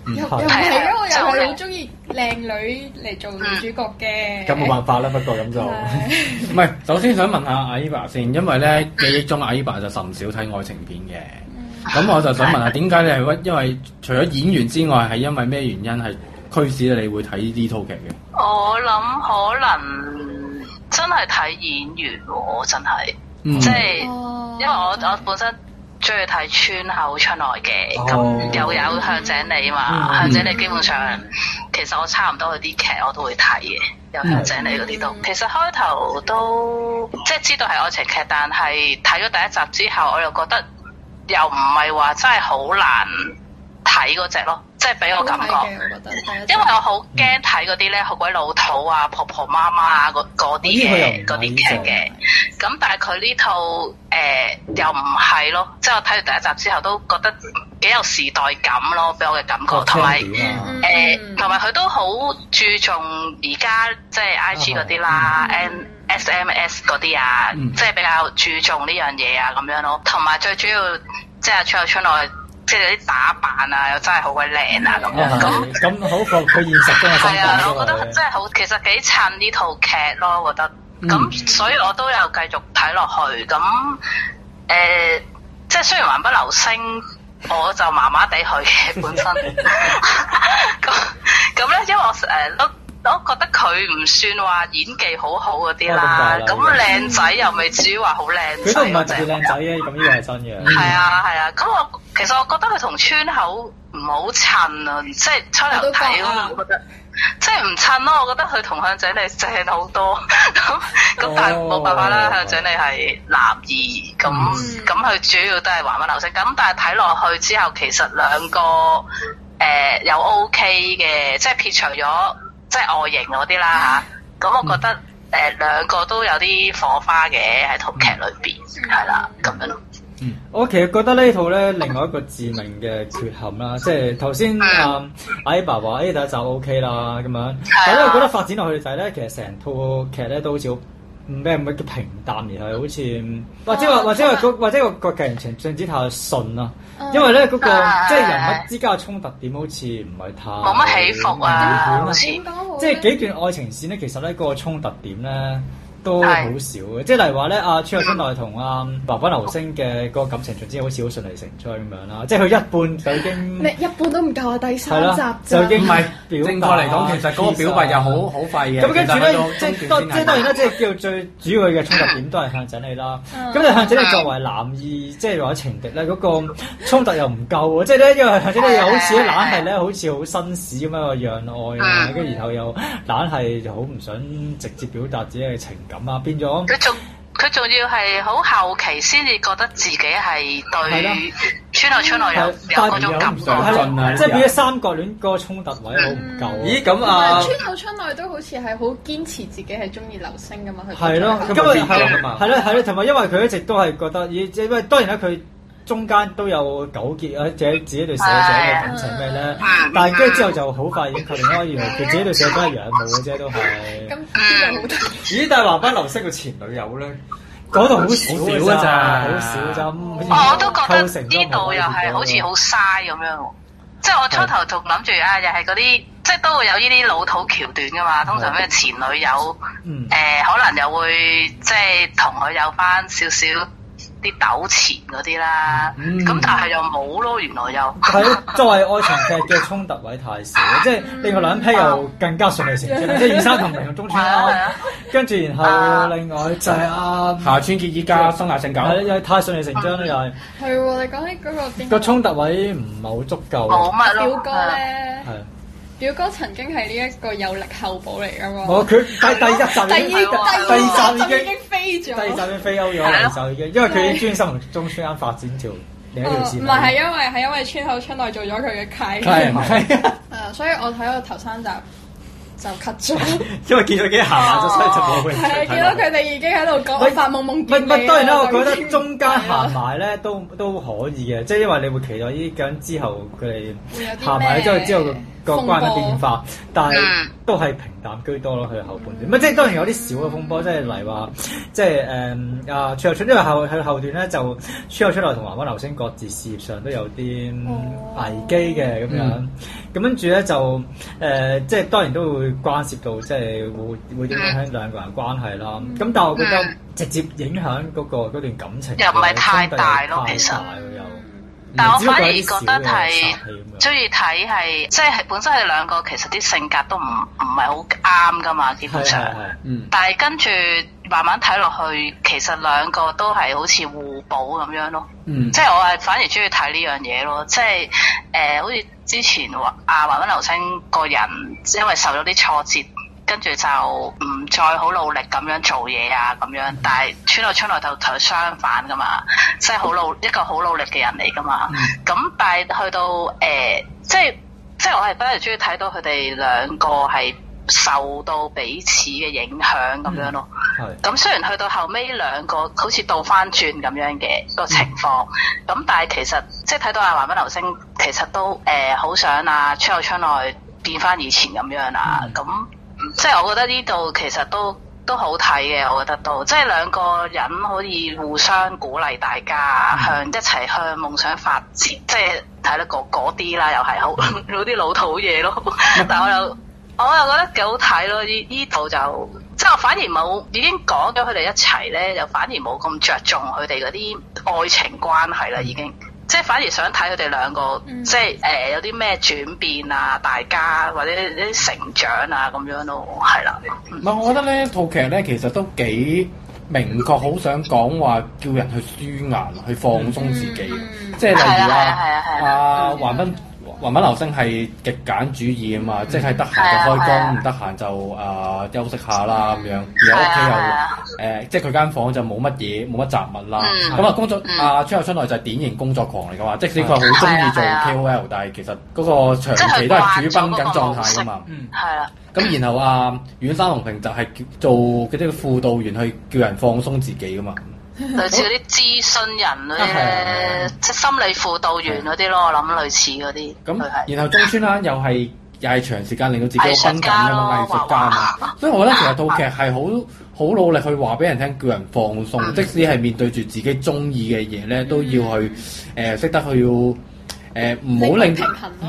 唔係因為我又好中意靚女嚟做女主角嘅。咁冇、嗯、辦法啦，不過咁就唔係。首先想問下阿 aiba 先，因為咧記憶中阿 aiba 就甚少睇愛情片嘅。咁、嗯、我就想問下，點解你係因為除咗演員之外，係因為咩原因係驅使你會睇呢套劇嘅？我諗可能。真係睇演員喎、啊，真係，嗯、即係，因為我我本身中意睇村口出嚟嘅，咁、嗯、又有向井理嘛，嗯、向井理基本上其實我差唔多佢啲劇我都會睇嘅，有向井理嗰啲都，嗯、其實開頭都即係知道係愛情劇，但係睇咗第一集之後，我又覺得又唔係話真係好難。睇嗰隻咯，即係俾我感覺，因為我好驚睇嗰啲咧，好鬼老土啊，婆婆媽媽啊，嗰啲嘅啲劇嘅。咁但係佢呢套誒又唔係咯，即係我睇完第一集之後都覺得幾有時代感咯，俾我嘅感覺。同埋誒，同埋佢都好注重而家即係 I G 嗰啲啦，N S M S 嗰啲啊，即係比較注重呢樣嘢啊咁樣咯。同埋最主要即係川口春奈。即係啲打扮啊，又真係好鬼靚啊咁樣。咁咁好，佢佢現實真係咁係啊，我覺得真係好，其實幾襯呢套劇咯，我覺得、嗯。咁所以我都有繼續睇落去。咁誒，即係雖然還不留聲， 我就麻麻地去嘅本身。咁咁咧，因為我誒碌。呃我覺得佢唔算話演技好好嗰啲啦，咁靚、啊、在仔又未至於話好靚仔。佢係靚仔咁依個係真嘅。係啊係啊，咁、啊、我其實我覺得佢同村口唔好襯啊，即係出嚟睇我覺得，即係唔襯咯。我覺得佢同向井你正好多，咁 咁但係冇辦法啦，爸爸哦、向井你係男二，咁咁佢主要都係橫濱流星。咁但係睇落去之後，其實兩個誒又、呃、OK 嘅，即係撇除咗。即係外形嗰啲啦吓，咁、嗯嗯、我覺得誒兩、呃、個都有啲火花嘅喺套劇裏邊，係啦咁樣。嗯，我其實覺得套呢套咧，另外一個致命嘅缺陷啦，即係頭先阿阿 A 爸話 A 家就 OK 啦咁樣，的但係我覺得發展落去就係咧，其實成套劇咧都好似。唔咩，唔係叫平淡，而係好似，或者話或者話個、啊、或者、嗰個劇情上之太順啦，嗯、因為咧、嗰、嗰個即係是人物之間嘅衝突點好似唔係太冇乜起伏啊，好似即係幾段愛情線咧，其實咧個衝突點咧。都好少嘅，即係例如話咧，阿穿越新代同阿、啊、爸爸流星嘅個感情總之好似好順理成章咁樣啦，即係佢一半就已經一半都唔夠啊！第三集就唔係，經表正確嚟講其實嗰個表白又好好快嘅。咁跟住咧，即係當然啦，即係叫最主要嘅衝突點都係向井理啦。咁但 向井理作為男二，即係話情敵咧，嗰、那個衝突又唔夠喎。即係咧，因為向井理又好似懶係咧，好似好紳士咁樣讓愛啊，跟住然後又懶係就好唔想直接表達自己嘅情感。咁啊，變咗佢仲佢仲要係好後期先至覺得自己係對川口春奈有的有嗰種感覺，感的即係變咗三角戀嗰個衝突位好唔夠。嗯、咦，咁啊，川口春奈都好似係好堅持自己係中意流星噶嘛，係咪？咯的，今日係啦係啦，同埋、嗯、因為佢 一直都係覺得咦，即係當然啦，佢。中間都有糾結寫的寫的啊！者自己對社長嘅感情咩咧？但係跟住之後就好快已經確定開，原來佢自己對社長都係仰慕嘅啫，都係。咦，但話返劉識個前女友咧，講到好少啊，咋？啊、好少咋。我都覺得呢度又係好似好嘥咁樣、啊嗯。即係我初頭仲諗住啊，又係嗰啲，即係都會有呢啲老土橋段噶嘛。通常咩前女友？誒、嗯呃，可能又會即係同佢有翻少少。啲糾纏嗰啲啦，咁但係又冇咯，原來又係作為愛情劇嘅衝突位太少，即係另外兩批又更加順理成章，即係二三同林同中村啦。跟住然後另外就係啊，夏川結衣加松下因久，太順理成章啦又係。係喎，你講起嗰個個衝突位唔係好足夠。我咪表哥咧。係。表哥曾經係呢一個有力候補嚟㗎嘛？哦，佢第第一集，第二第二集已經飛咗，第二集已經飛歐咗，兩集已經，因為佢專心中間發展條另一條唔係，係因為係因為村口村內做咗佢嘅契。係，係所以我睇到頭三集就 cut 咗，因為見佢幾行埋，就所以就冇佢。係見到佢哋已經喺度講，我發夢夢見。當然啦，我覺得中間行埋咧都都可以嘅，即係因為你會期待呢啲咁之後佢哋行埋之後之後。各關嘅變化，但係、嗯、都係平淡居多咯。佢後半段，即係當然有啲小嘅風波，即係嚟話，即係誒、嗯、啊！出又出，因為後喺後段咧就出又出嚟同橫濱流星各自事業上都有啲危機嘅咁樣，咁跟住咧就誒、呃，即係當然都會關涉到即係會會影響兩個人關係啦。咁但係我覺得直接影響嗰、那個、嗯、段感情又唔係太大咯，其實。但係我反而覺得係中意睇係，即係本身係兩個其實啲性格都唔唔係好啱㗎嘛，基本上。嗯。 但係跟住慢慢睇落去，其實兩個都係好似互補咁樣咯。嗯。 即係我係反而中意睇呢樣嘢咯，即係誒、呃，好似之前話阿橫濱流星個人，因為受咗啲挫折。跟住就唔再好努力咁樣做嘢啊，咁樣。但係穿內穿內就就相反噶嘛，即係好努一個好努力嘅人嚟噶嘛。咁但係去到誒，即係即係我係比較中意睇到佢哋兩個係受到彼此嘅影響咁樣咯。咁雖然去到後尾兩個好似倒翻轉咁樣嘅個情況，咁但係其實即係睇到阿華文流星其實都誒好想啊，穿內穿內變翻以前咁樣啦。咁即係我覺得呢度其實都都好睇嘅，我覺得都即係兩個人可以互相鼓勵大家、嗯、向一齊向夢想發展，即係睇得過嗰啲啦，又係好嗰啲老土嘢咯。但係我又我又覺得幾好睇咯，呢呢度就即係我反而冇已經講咗佢哋一齊咧，就反而冇咁着重佢哋嗰啲愛情關係啦，嗯、已經。即係反而想睇佢哋兩個，嗯、即係誒、呃、有啲咩轉變啊，大家或者啲成長啊咁樣咯，係、哦、啦。唔係、啊，嗯、我覺得呢套劇咧其實都幾明確，好想講話叫人去舒壓、去放鬆自己，嗯、即係例如話啊，還分、啊。橫濱流星係極簡主義啊嘛，即係得閒就開工，唔得閒就啊休息下啦咁樣。而家屋企又誒，即係佢間房就冇乜嘢，冇乜雜物啦。咁啊工作啊川口春奈就係典型工作狂嚟㗎嘛，即使佢好中意做 KOL，但係其實嗰個長期都係處於繃緊狀態㗎嘛。嗯，係啦。咁然後啊，丸山隆平就係做嗰啲輔導員去叫人放鬆自己㗎嘛。類似嗰啲諮詢人嗰啲，即係心理輔導員嗰啲咯，我諗類似嗰啲。咁然後中村啦，又係又係長時間令到自己好繃緊嘅，藝術家嘛。所以我覺得其實套劇係好好努力去話俾人聽，叫人放鬆，即使係面對住自己中意嘅嘢咧，都要去誒識得去要誒唔好令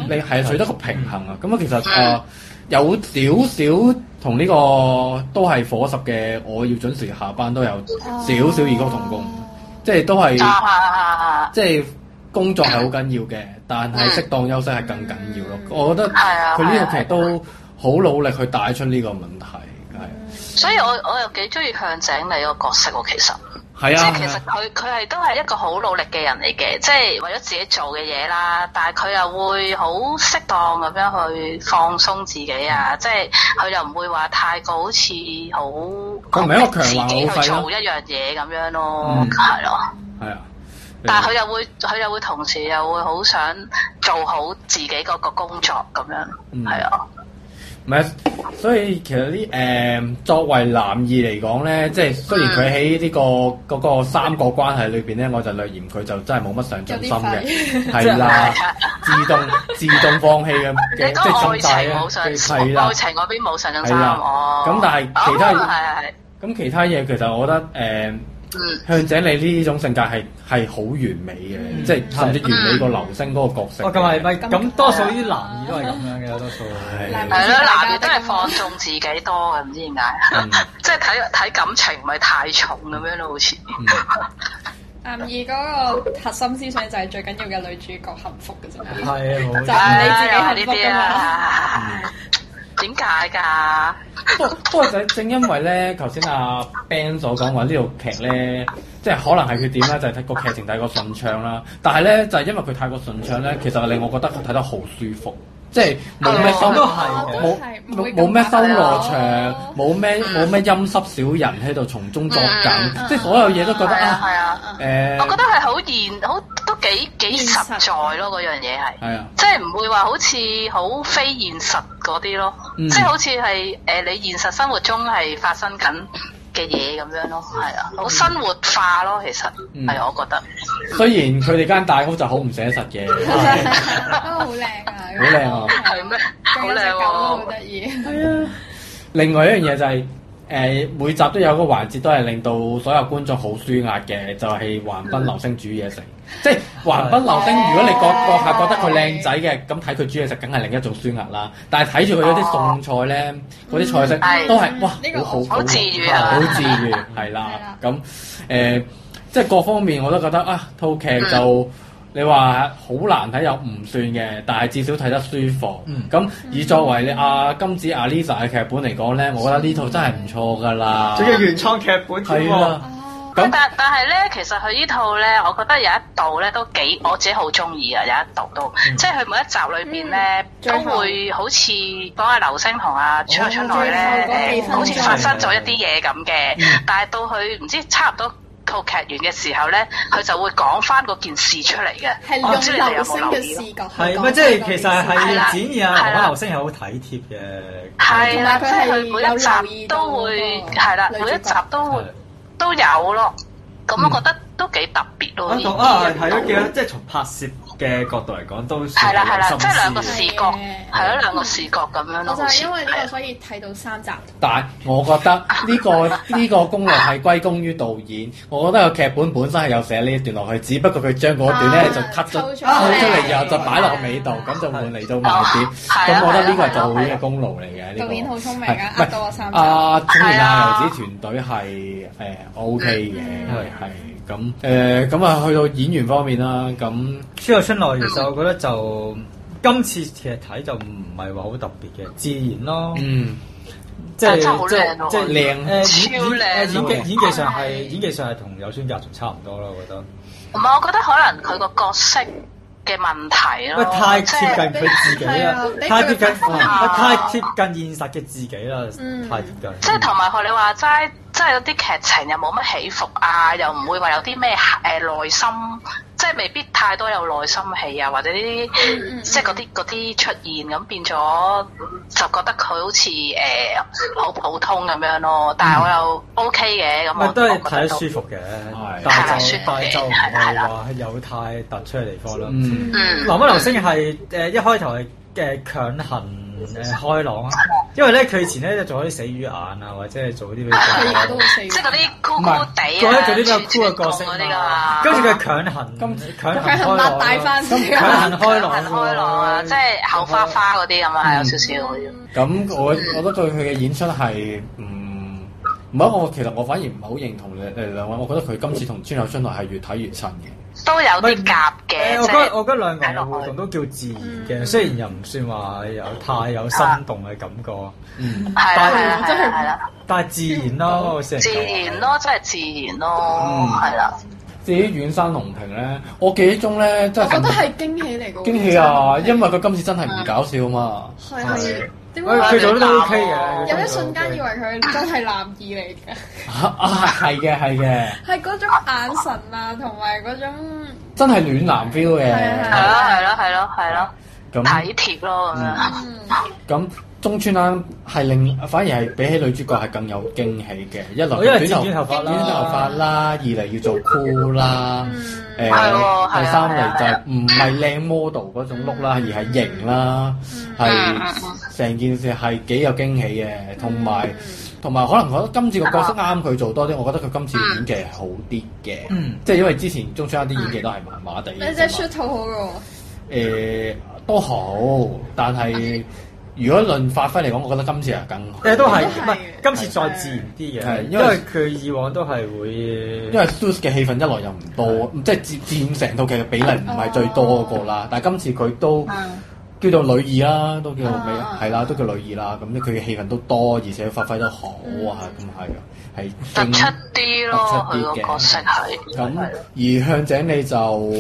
你係取得個平衡啊。咁啊，其實誒。有少少同呢個都係火十嘅，我要準時下班都有少少異曲同工，即係都係，即係工作係好緊要嘅，但係適當休息係更緊要咯。我覺得佢呢個劇都好努力去帶出呢個問題，係。所以我我又幾中意向井理個角色喎、啊，其實。啊、即係其實佢佢係都係一個好努力嘅人嚟嘅，即係為咗自己做嘅嘢啦。但係佢又會好適當咁樣去放鬆自己啊！嗯、即係佢又唔會話太過好似好逼自己去做一樣嘢咁樣咯，係咯、嗯。係了啊，啊但係佢又會佢又會同時又會好想做好自己嗰個工作咁樣，係、嗯、啊。唔係，所以其實啲誒、嗯、作為男二嚟講咧，即係雖然佢喺呢個嗰、嗰個三角關係裏邊咧，我就略嫌佢就真係冇乜上進心嘅，係啦點了，自動， 自，動自動放棄嘅，即咁大，係啦，愛情嗰了邊冇上進，係啦了，咁、哦、但係其他，係係係，咁其他嘢其實我覺得誒。嗯向井你呢種性格係係好完美嘅，即係甚至完美過流星嗰個角色。咁係咪咁多數啲男二都係咁樣嘅？多數係。係咯，男二都係放縱自己多嘅，唔知點解。即係睇睇感情唔係太重咁樣咯，好似。男二嗰個核心思想就係最緊要嘅女主角幸福嘅啫，就係你自己幸福呢啲啊。點解㗎？不過不過就係正因為咧，頭先阿 Ben 所講話、這個、呢套劇咧，即係可能係佢點啦，就係、是、睇個劇情太過順暢啦。但係咧，就係、是、因為佢太過順暢咧，其實令我覺得佢睇得好舒服。即係冇咩都係，冇冇咩修羅場，冇咩冇咩陰濕小人喺度從中作梗，即係所有嘢都覺得誒，我覺得係好現好都幾幾實在咯，嗰樣嘢係，即係唔會話好似好非現實嗰啲咯，即係好似係誒你現實生活中係發生緊嘅嘢咁樣咯，係啊，好生活化咯，其實係、嗯、我覺得。雖然佢哋間大屋就好唔寫實嘅，好靚啊，好靚 啊，係咩、啊？好靚，好得意。係啊，另外一樣嘢就係、係。誒，每集都有個環節，都係令到所有觀眾好舒壓嘅，就係、是、橫濱流星煮嘢食。嗯、即係橫濱流星，如果你個個客覺得佢靚仔嘅，咁睇佢煮嘢食，梗係另一種舒壓啦。但係睇住佢嗰啲餸菜咧，嗰啲菜式都係哇，嗯、好好好自然，好自然係啦。咁誒、 嗯，即係各方面我都覺得啊，套劇就～、嗯嗯你話好難睇又唔算嘅，但係至少睇得舒服。咁以作為你阿金子亞里沙嘅劇本嚟講咧，我覺得呢套真係唔錯㗎啦。仲要原創劇本添，咁但但係咧，其實佢呢套咧，我覺得有一度咧都幾我自己好鍾意啊！有一度都，即係佢每一集裏邊咧，都會好似講下流星同阿春奈咧，誒好似發生咗一啲嘢咁嘅。但係到佢唔知差唔多。套劇完嘅時候咧，佢就會講翻嗰件事出嚟嘅。係是用劉星嘅視角去講呢個。我唔知你哋有冇留意咯。係啦，係啦，即展現下劉星好體貼嘅。係啦的，即係佢每一集都會，係啦，每一集都會的都有咯。咁我覺得，嗯。都幾特別咯！啊啊，係咯，幾啊，即係從拍攝嘅角度嚟講，都算係啦，係啦，即係兩個視角，係咯，兩個視角咁樣咯，就係因為呢個所以睇到三集。但係我覺得呢個呢個功勞係歸功於導演，我覺得個劇本本身係有寫呢一段落去，只不過佢將嗰段咧就 cut 咗 cut 出嚟，然後就擺落個尾度，咁就會嚟到賣碟。咁我覺得呢個係導演嘅功勞嚟嘅，呢個導演好聰明啊！呃到我三集。啊，總言之，佢啲團隊係誒 OK 嘅，因為咁誒咁啊，去到演員方面啦，咁《川口春奈》其實我覺得就今次其實睇就唔係話好特別嘅，自然咯，嗯，即係即係即係靚咧，超靚演技，演技上係演技上係同有村架純仲差唔多咯，覺得唔係，我覺得可能佢個角色嘅問題咯，太接近佢自己啦，太接近，太接近現實嘅自己啦，太接近，即係同埋學你話齋。即係有啲劇情又冇乜起伏啊，又唔會話有啲咩誒內心，即係未必太多有內心戲啊，或者呢啲即係嗰啲啲出現咁變咗，就覺得佢好似誒好普通咁樣咯。但係我又 OK 嘅，咁啊、嗯、我都係睇得舒服嘅，但係就但快就唔係話有太突出嘅地方咯。嗯嗯，劉乜劉星係誒一開頭係嘅強行開朗啊！因為咧佢以前咧就做啲死魚眼啊，或者係做嗰啲比較即係嗰啲 cool cool 地啊，做做啲比較 cool 嘅角色啲啊。跟住佢強行，今次強行帶翻嚟，強行，行，行開朗啊，啊即係後花花嗰啲咁啊，嗯、有少少。咁、嗯、我，我覺得對佢嘅演出係唔，唔、嗯、係我其實我反而唔係好認同你誒兩位，我覺得佢今次同張學友相對係越睇越襯嘅。都有啲夾嘅，我覺得我覺得兩個人嘅互動都叫自然嘅，雖然又唔算話有太有生動嘅感覺，嗯，係啊係啦，但係自然咯，自然咯，真係自然咯，係啦。至於遠山龍庭咧，我幾中咧，即係覺得係驚喜嚟嘅，驚喜啊！因為佢今次真係唔搞笑嘛，係係。喂，佢做都 O K 嘅，OK，有一瞬間以為佢真係男二嚟嘅。啊啊，係嘅，係嘅。係嗰種眼神啊，同埋嗰種真係暖男 feel 嘅。係咯，係咯，係咯，係咯，體那貼咯咁樣。咁、嗯。鐘楚嵐係令反而係比起女主角係更有驚喜嘅，一嚟因為剪短頭髮啦，二嚟要做酷啦，誒，第三嚟就唔係靚 model 嗰種 look 啦，而係型啦，係成件事係幾有驚喜嘅，同埋同埋可能我覺得今次個角色啱佢做多啲，我覺得佢今次演技係好啲嘅，即係因為之前中村 Ann 啲演技都係麻麻地，你只 short 好嘅，誒，都好，但係。如果論發揮嚟講，我覺得今次啊更好，誒都係，唔係今次再自然啲嘅，係因為佢以往都係會，因為 s t e 嘅戲份一來又唔多，即係佔成套劇嘅比例唔係最多嗰個啦。哦、但係今次佢都叫做女二啦，都叫做係啦，都叫女二啦。咁咧佢嘅戲份都多，而且發揮得好啊，咁係、嗯。突出啲咯，佢個角色係咁。樣的而向井你就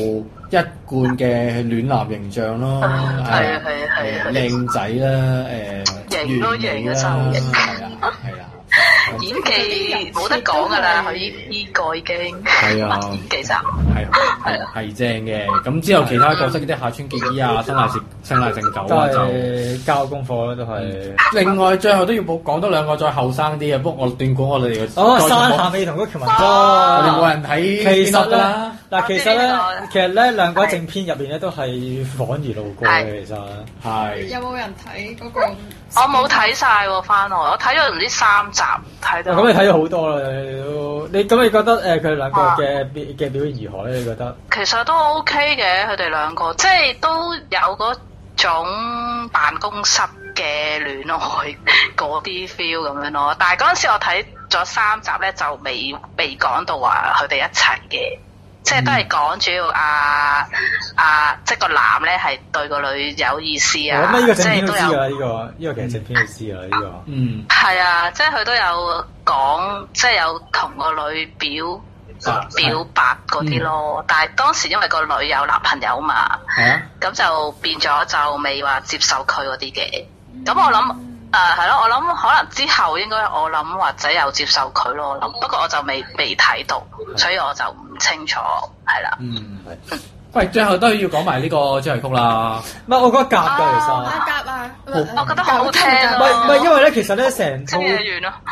一貫嘅暖男形象咯，係啊係啊係啊，靚仔啦，誒型咯型啦，係啊，係啊。的 演技冇得講噶啦，佢呢個已經。係啊，技術。係，係啊，係正嘅。咁之後其他角色啲夏川結衣啊、生瀨成、生瀨勝久交功課啦，都係。另外最後都要冇講多兩個再後生啲啊。不過我斷估我哋嘅。哦，山下美月同嗰文，哇！有冇人睇？其實啦，嗱，其實咧，其實咧，兩個正片入面咧都係恍而路過嘅，其實係。有冇人睇嗰個？我冇睇晒喎，翻我我睇咗唔知三集睇到。咁、啊、你睇咗好多啦，你咁你，你覺得誒佢兩個嘅表嘅表現如何咧？你覺得、啊、其實都 OK 嘅，佢哋兩個即係都有嗰種辦公室嘅戀愛嗰啲 feel 咁樣咯。但係嗰陣時我睇咗三集咧，就未未講到話佢哋一齊嘅。即係都係講主要啊啊，即係個男咧係對個女有意思啊，即係都有啦。呢、呢個呢、呢個其實正片有試啦，呢個。嗯。係、嗯、啊，即係佢都有講，即、就、係、係、有同個女表、啊、表白嗰啲咯。嗯、但係當時因為個女有男朋友嘛，咁、啊、就變咗就未話接受佢嗰啲嘅。咁我諗。嗯啊，係咯，我諗可能之後應該我諗或者有接受佢咯，我諗。不過我就未未睇到，所以我就唔清楚，係啦。嗯，係。喂，最後都要講埋呢個主題曲啦。唔係，我覺得夾㗎，其實。夾啊！我覺得好聽。唔係唔係，因為咧，其實咧，成套因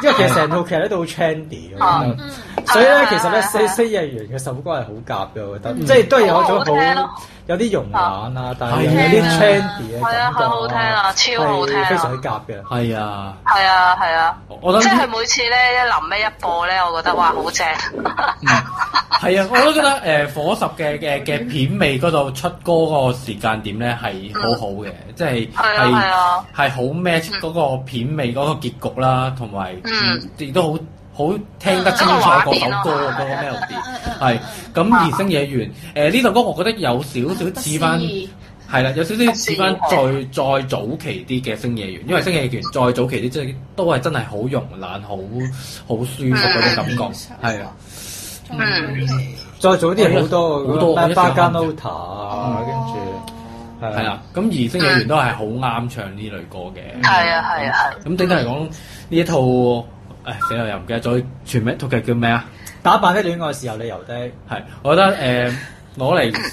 為其實成套劇咧都好 chandy，咁樣。所以咧，其實咧，《四四夜圓》嘅首歌係好夾嘅，我覺得。即係都係有種好。有啲慵懶啊，但係有啲 trendy 嘅感覺。係啊，好聽啊，超好聽啊，非常之夾嘅。係啊，係啊，係啊，我即係每次咧一臨尾一播咧，我覺得哇，好正。係啊，我都覺得誒火石嘅嘅嘅片尾嗰度出歌個時間點咧係好好嘅，即係係係好 match 嗰個片尾嗰個結局啦，同埋亦都好。好聽得清楚嗰首歌嗰個 melody，係。咁而星野源誒呢首歌，我覺得有少少似翻，係啦，有少少似翻再再早期啲嘅星野源，因為星野源再早期啲即係都係真係好慵懶，好好舒服嗰種感覺，係啊。再早啲好多好多，咩巴加諾塔啊，跟住係啊。咁而星野源都係好啱唱呢類歌嘅。係啊，係啊，係。咁整體嚟講，呢一套。誒、哎、死啦！又唔記得咗全名，套劇叫咩啊？打扮的戀愛是有理由的係，我覺得誒攞嚟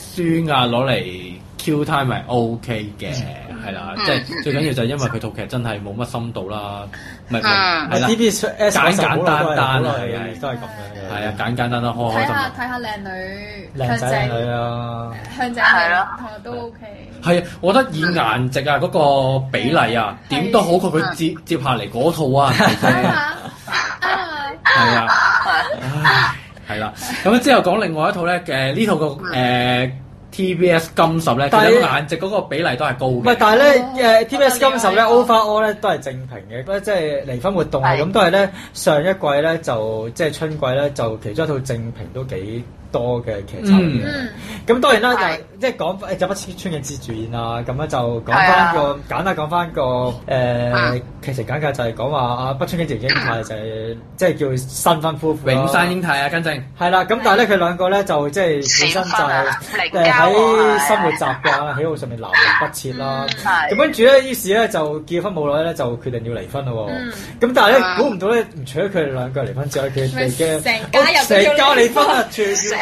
酸啊，攞嚟 Q time 咪 OK 嘅。 係啦，即係最緊要就係因為佢套劇真係冇乜深度啦，唔係係啦，D B S 簡簡單單都係咁樣嘅，係啊，簡簡單單，睇下睇下靚女，靚仔係啊，靚仔係咯，同學都 OK。係啊，我覺得以顏值啊，嗰個比例啊，點都好過佢接接下嚟嗰套啊，係啊，係啦，咁之後講另外一套咧，誒呢套個誒。TBS 金十咧，但其實個顏值嗰個比例都係高嘅。唔係，但係咧誒 TBS 金十咧 over all 咧都係正評嘅。嗯、即係離婚活動係咁的、嗯，都係咧上一季咧就即係春季咧就其中一套正評都幾多嘅劇集。咁當然啦，就即係講誒就北村嘅啲主演啦，咁咧就講翻個簡單講翻個誒劇情簡介，就係講話啊北村嘅啲主演就係即係叫新婚夫婦啊，永山瑛太啊，跟正係啦，咁但係咧佢兩個咧就即係本身就誒喺生活習慣喺度上面南轅北轍啦，咁跟住咧於是咧就結婚冇耐咧就決定要離婚啦喎，咁但係咧估唔到咧唔除咗佢哋兩個離婚之外，佢哋嘅成家離婚啊，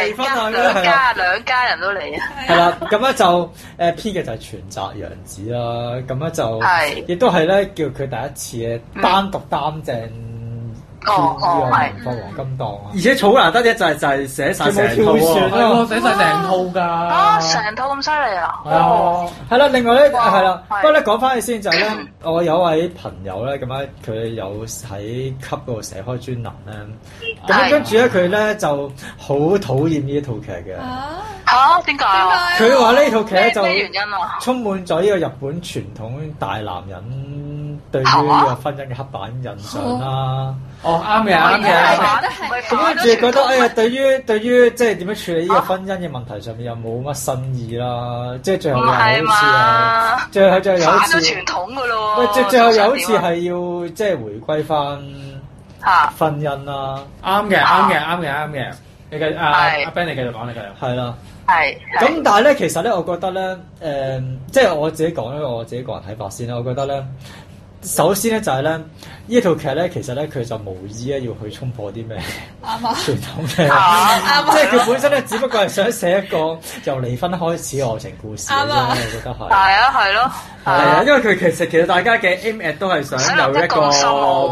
一兩家、啊、兩家人都嚟啊！係啦 ，咁、呃、咧就誒 P 嘅就係泉澤陽子啦，咁咧就亦都係咧叫佢第一次嘅單獨擔正、嗯。哦哦，唔係，而且草難得一就係就係寫晒成套寫曬成套㗎，啊！成套咁犀利啊！係啊，係啦，另外咧係啦，不過咧講翻去先就係咧，我有位朋友咧咁樣，佢有喺級度寫開專欄咧，咁跟住咧佢咧就好討厭呢一套劇嘅嚇？點解？佢話呢套劇就充滿咗呢個日本傳統大男人對於呢個婚姻嘅黑板印象啦。哦，啱嘅，啱嘅，咁跟住覺得， 哎呀，對於對於即係點樣處理呢個婚姻嘅問題上面又冇乜新意啦，即係最後又好似係， 傳統嘅咯，最後最後又好似係要即係回歸翻嚇婚姻啦，啱嘅，啱嘅，啱嘅，啱嘅，你繼續阿阿 Ben 你繼續講你繼續，係咯，係。咁但係咧，其實咧，我覺得咧，誒、呃，即係我自己講咧，我自己個人睇法先啦，我覺得咧。首先咧就係、是、咧，呢套劇咧其實咧佢就無意咧要去衝破啲咩吧傳統嘅，即係佢本身咧只不過係想寫一個由離婚開始嘅愛情故事啫，你吧覺得係係啊？係咯。係啊，uh, 因為佢其實其實大家嘅 aim at 都係想有一個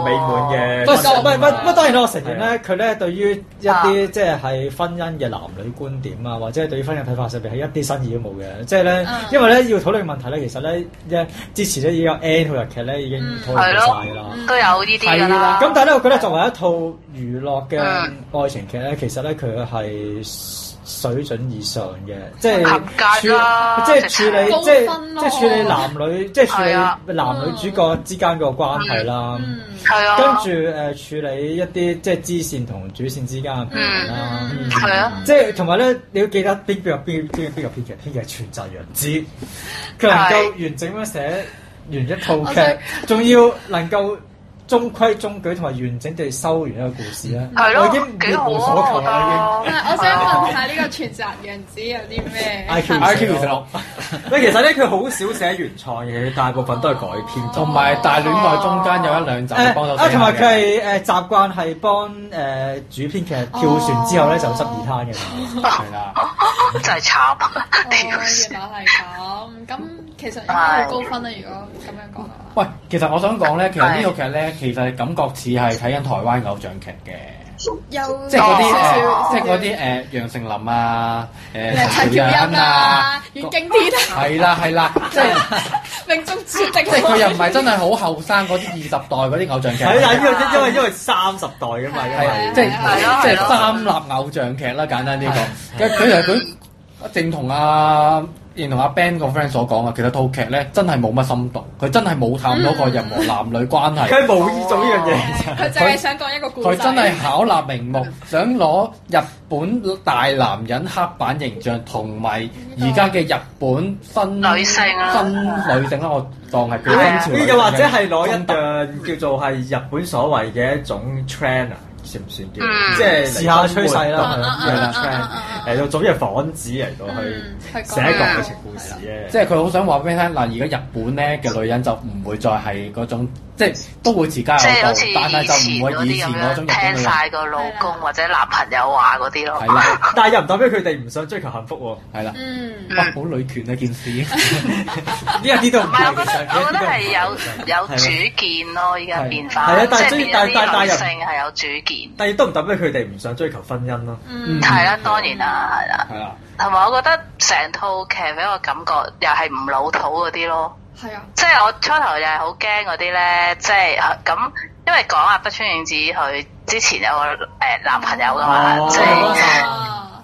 美滿嘅、 啊。唔，唔，唔當然我承認咧，佢咧對，對於一啲、啊、即係係婚姻嘅男女觀點啊，或者係對於婚姻睇法上邊係一啲新意都冇嘅。即係咧，嗯、因為咧要討論問題咧，其實咧一之前咧已經有 N 套日劇咧已經討論曬啦、嗯，都有呢啲㗎啦。咁但係咧，我覺得作為一套娛樂嘅愛情劇咧、嗯，其實咧佢係。水準以上嘅，即係，啊、即係處理，啊、即係即係處理男女，對呀 即係處理男女主角之間嘅關係啦。係啊，跟住誒處理一啲即係支線同主線之間嘅平衡啦。係啊，即係同埋咧，你要記得邊邊邊邊邊個編劇，編劇全集樣子，佢能夠完整咁寫完一套劇，仲對、啊、要能夠。中規中矩同埋完整地收完一個故事啦，我已經無所求啦，已經。我想問下呢個全集樣子有啲咩？I Q I Q l e 喂，其實咧佢好少寫原創嘢，大部分都係改編，同埋大戀愛中間有一兩集幫到。同埋佢係誒習慣係幫誒主編劇跳船之後咧就執二攤嘅，係啦。真係慘，點解係咁？咁。其實應該係高分啦，如果咁樣講。喂，其實我想講咧，其實呢個劇咧，其實感覺似係睇緊台灣偶像劇嘅，即係嗰啲，即係嗰啲誒楊丞琳啊，誒陳喬恩啊，阮經天。係啦係啦，即係命中注定。即係佢又唔係真係好後生嗰啲二十代嗰啲偶像劇。係啦，因為因為因為三十代啊嘛，因為即係即係三立偶像劇啦，簡單啲講。佢佢就佢正同啊。同阿 Ben 個 friend 所講啊，其實套劇咧真係冇乜深度，佢真係冇探到過任何男女關係，佢冇呢種嘢，佢就係想講一個故事。佢真係巧立名目， 想攞日本大男人黑板形象，同埋而家嘅日本新女性、啊、新女性，我當係表達。又或者係攞一個叫做係日本所謂嘅一種 trend 啊，算唔算？叫、啊？即係試下趨勢啦，係、啊、啦。啊啊啊啊係用做咩房子嚟到去寫一個愛情故事咧，嗯，故事即係佢好想話俾你聽。嗱，而家日本咧嘅女人就唔會再係嗰種。即係都會自家諗多，但係就唔會以前嗰種聽晒個老公或者男朋友話嗰啲咯。係啦，但係又唔代表佢哋唔想追求幸福喎。係啦，嗯，好女權呢件事，呢家啲都唔同。唔係，我覺得我覺得係有有主見咯。依家變化係啊，但係但但但係係有主見。但係亦都唔代表佢哋唔想追求婚姻咯。嗯，係啦，當然啦，係啦，係啦。同埋我覺得成套劇俾我感覺又係唔老土嗰啲咯。係啊，即係我初頭又係好驚嗰啲咧，即係咁，因為講阿北川景子佢之前有個誒男朋友噶嘛，即係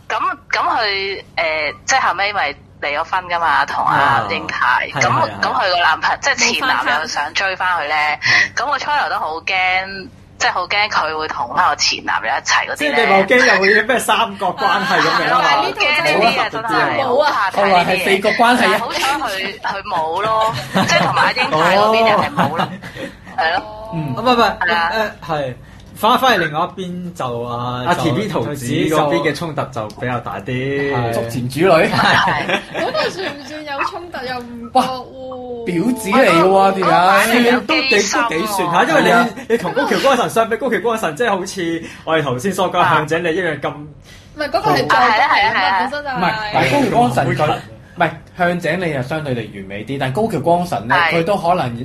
咁咁佢誒，即係後尾咪離咗婚噶嘛，同阿英太。咁咁佢個男朋即係前男友想追翻佢咧，咁我初頭都好驚。即係好驚佢會同返個前男友一齊嗰啲。即係你冇驚又會啲咩三角關係咁樣啊？冇啊！我話係四角關係。好彩佢佢冇咯，即係同埋阿英泰嗰邊又係冇咯，係咯。嗯。唔係唔係。係啊。係。返去另外一邊就啊啊 TV 桃子嗰邊嘅衝突就比較大啲，捉前主女，嗰個算唔算有衝突又唔？哇，婊子嚟嘅喎，點解？都幾都幾算吓，因為你你同高橋光神相比，高橋光神，真係好似我哋頭先所講向井理一樣咁，唔係嗰個係再都係啊，本身就唔係高橋光神覺得，唔係向井理又相對地完美啲，但係高橋光神咧佢都可能誒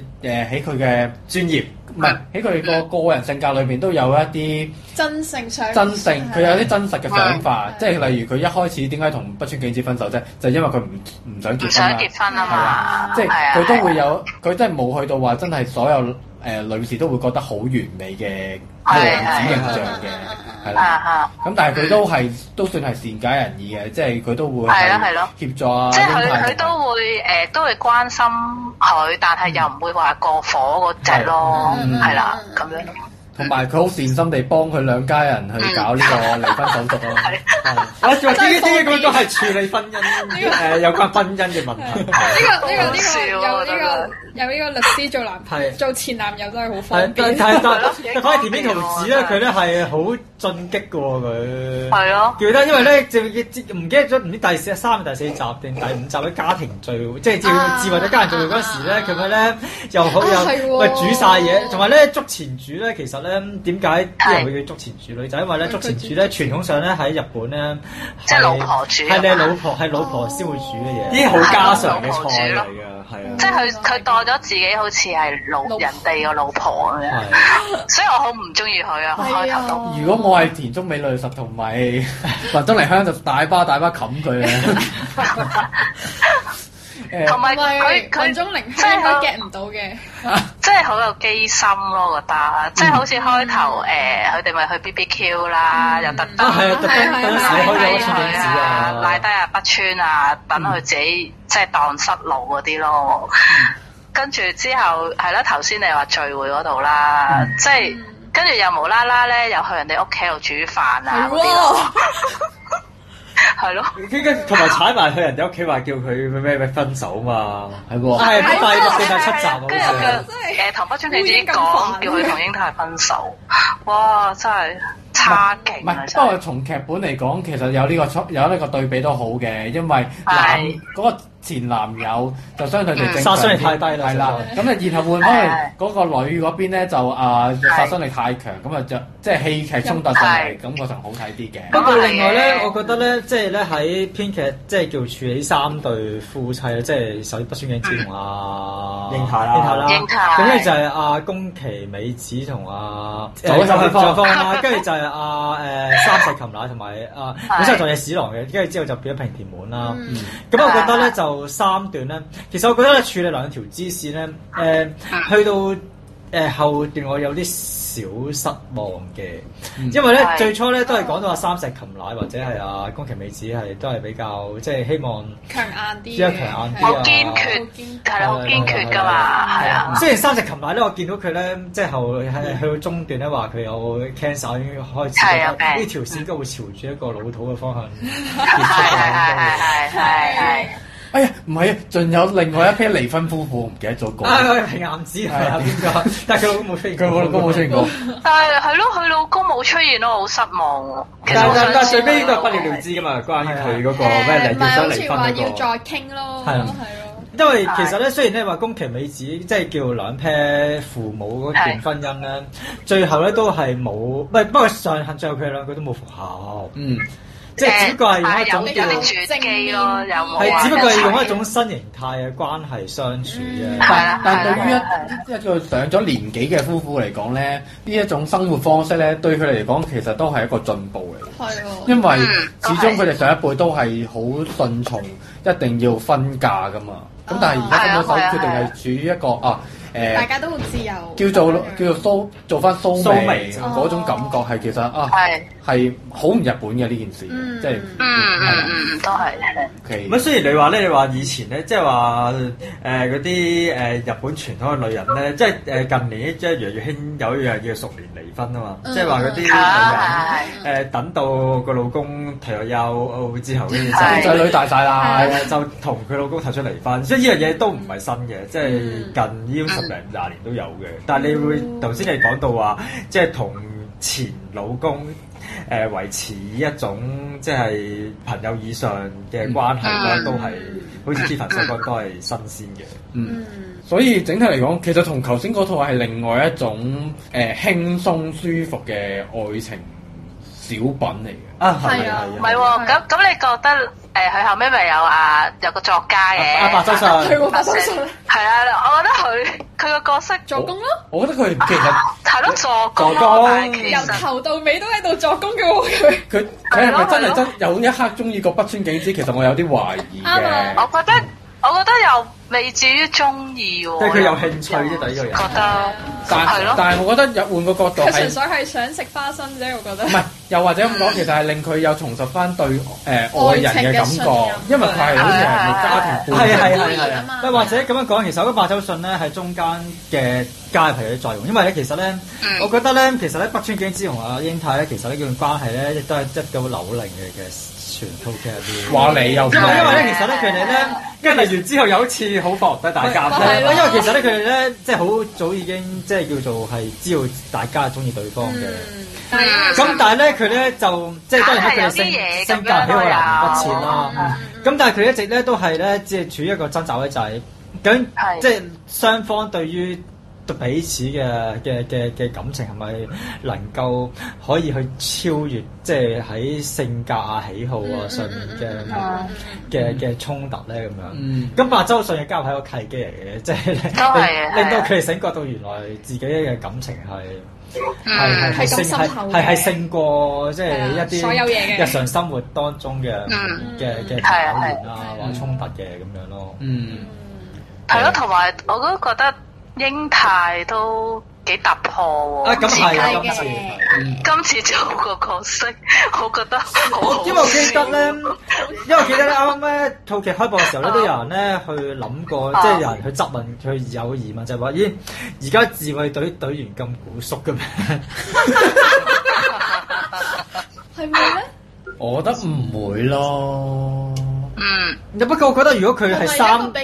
喺佢嘅專業。唔係喺佢哋個個人性格裏面，都有一啲真性想，真性佢有啲真實嘅想法，即係例如佢一開始點解同北川景子分手啫？就係、因為佢唔唔想結婚啦，係啊，的的即係佢都會有，佢真係冇去到話真係所有。誒、呃、女士都會覺得好完美嘅王子形象嘅，係啦，咁但係佢都係 都算係善解人意嘅，即係佢都會係咯、啊，係咯， 協助啊，即係佢佢都會誒、呃、都會關心佢，但係又唔會話過火嗰隻咯，係啦，咁樣。同埋佢好善心地幫佢兩家人去搞呢個離婚手續咯。係，我仲自己知嘅，佢都係處理婚姻，誒有關婚姻嘅問題，呢個呢個呢個有呢個有呢個律師做男朋，係做前男友都係好方便。但係但係，反而田邊桃子咧，佢咧係好進擊嘅喎，佢係啊，記得？因為咧就唔記得咗，唔知第四、三、第四集定第五集嘅家庭聚會即係自自或者家庭聚會陣時咧，佢咪咧又好又喂煮晒嘢，同埋咧捉前主咧，其實咧。咁點解人會叫筑前煮女仔？因為咧筑前煮咧傳統上咧喺日本咧即係老婆煮嘅嘢，係係你老婆係老婆先會煮嘅嘢，呢啲好家常嘅菜嚟噶，係啊，即係佢佢當咗自己好似係老人哋個老婆咁樣，所以我好唔中意佢啊！如果我係田中美奈實同埋林冬嚟香，就大把大把冚佢啊！同埋佢佢即係佢 get 唔到嘅，即係好有機心咯，覺得即係好似開頭誒，佢哋咪去 BBQ 啦，又特登賴低佢，賴低啊北川啊，等佢自己即係蕩失路嗰啲咯。跟住之後係啦，頭先你話聚會嗰度啦，即係跟住又無啦啦咧，又去人哋屋企度煮飯啦嗰啲。係咯，同埋踩埋去人哋屋企，話叫佢咩咩咩分手嘛，係喎，係，第六定係七集啊，真係，誒，唐北張佢自己講叫佢同英泰分手，哇，真係差勁！啊不，不過的從劇本嚟講，其實有呢、呢個出，有呢個對比都好嘅，因為嗱是前男友就相信佢哋，細，殺傷力太低啦。咁啊，然後換翻去嗰個女嗰邊咧，就啊殺傷力太強，咁啊就即係戲劇衝突上嚟，咁我就好睇啲嘅。不過另外咧，我覺得咧，即係咧喺編劇即係叫處理三對夫妻即係首先不宣鏡子同啊英太啦，櫻台啦，咁咧就係阿宮崎美子同阿，跟住就係啊誒三世琴乃同埋啊，本身係佐野史郎嘅，跟住之後就變咗平田滿啦。咁我覺得咧就。三段咧，其實我覺得處理兩條支線咧，誒去到誒後段我有啲小失望嘅，因為咧最初咧都係講到阿三石琴乃或者係阿宮崎美子係都係比較即係希望強硬啲，好堅決，係啦，堅決噶嘛，係啊。雖然三石琴乃咧，我見到佢咧，即係後喺去到中段咧話佢有 cancer 已經開始，呢條線應該會朝住一個老土嘅方向結束㗎。哎呀，唔係啊，仲有另外一批 a 離婚夫婦，我唔記得咗個。係係，我唔知係點解，但係佢老公冇出現，佢老公冇出現過。但係係咯，佢老公冇出現咯，好失望啊！其實但係但係最尾都係不了了之噶嘛，關於佢嗰個咩離婚離係有話要再傾咯，係咯係咯。因為其實咧，雖然咧話宮崎美子即係叫兩 pair 父母嗰段婚姻咧，最後咧都係冇，唔不過上後佢啦，佢都冇復合。嗯。即係只不過係用一種叫即係個又係只不過係用一種新型態嘅關係相處啫。係啦，但係對於一一個上咗年紀嘅夫婦嚟講咧，呢一種生活方式咧，對佢嚟講其實都係一個進步嚟嘅。係喎，因為始終佢哋上一輩都係好順從，一定要分嫁㗎嘛。咁但係而家咁樣首決定係處於一個啊誒，大家都好自由，叫做叫做蘇做翻蘇眉嗰種感覺係其實啊。係。係好唔日本嘅呢件事，即係嗯嗯嗯都係 OK。唔係，雖然你話咧，你話以前咧，即係話誒嗰啲誒日本傳統嘅女人咧，即係誒近年即係越嚟越興有一樣嘢，熟年離婚啊嘛，即係話嗰啲女人誒等到個老公退休之後咧，仔女大晒啦，就同佢老公提出離婚，所以呢樣嘢都唔係新嘅，即係近呢十零廿年都有嘅。但係你會頭先你講到話，即係同前老公。誒、呃、維持一種即係、就是、朋友以上嘅關係啦，都係好似 Kevin 所講，都係新鮮嘅。嗯，所以整體嚟講，其實同頭先嗰套係另外一種誒、呃、輕鬆舒服嘅愛情小品嚟嘅。啊，係啊，唔係喎，咁咁、啊啊、你覺得？誒，佢後尾咪有啊，有個作家嘅，啊啊，白洲信，係啊對，我覺得佢佢個角色作工咯，我覺得佢其實係咯，作工由頭到尾都喺度作工嘅，佢，佢佢係咪真係真有一刻中意過北川景子，其實我有啲懷疑嘅，我覺得。我覺得又未至於中意喎，即佢有興趣啲第一個人。覺得，係咯。但係我覺得入換個角度，佢純粹係想食花生啫，我覺得。唔係，又或者咁講，其實係令佢有重拾翻對誒愛人嘅感覺，因為佢係好似係家庭背叛啊嘛。或者咁樣講，其實白洲迅咧喺中間嘅加入嘅作用，因為咧其實咧，我覺得咧，其實咧北川景子同阿英太咧，其實呢段哋關係咧亦都係一個扭離嘅嘅。傳統嘅啲話你又，因為因為咧，其實咧，佢哋咧，跟住嚟完之後，有一次好伏得大家。係是、啊、因為其實咧，佢哋咧， 即係好早已經，即係叫做係知道大家係中意對方嘅。嗯，咁、啊、但係咧，佢咧就即係當然性，佢哋性格俾我難以不切啦。咁、嗯啊、但係佢一直咧都係咧，即係處於一個爭執位仔咁，即係雙方對於。彼此嘅嘅嘅嘅感情係咪能夠可以去超越？即係喺性格啊、喜好啊上面嘅嘅嘅衝突咧咁樣。咁白周信嘅交往係個契機嚟嘅，即係令令到佢哋醒覺到原來自己嘅感情係係係係咁深厚嘅，係係勝過即係一啲日常生活當中嘅嘅嘅啊或者衝突嘅咁樣咯。嗯，係咯，同埋我都覺得。英泰都幾突破喎、啊，噉係嘅。啊、今次的今次做個角色，我覺得好。因為我記得咧， 因為我記得咧，啱啱咧套劇開播嘅時候咧，啊、都有人咧去諗過，啊、即係有人去質問，去有疑問，就係、是、話：咦，而家自衞隊隊員咁古縮嘅咩？係咪咧？我覺得唔會咯。嗯，不過我覺得如果佢係三，比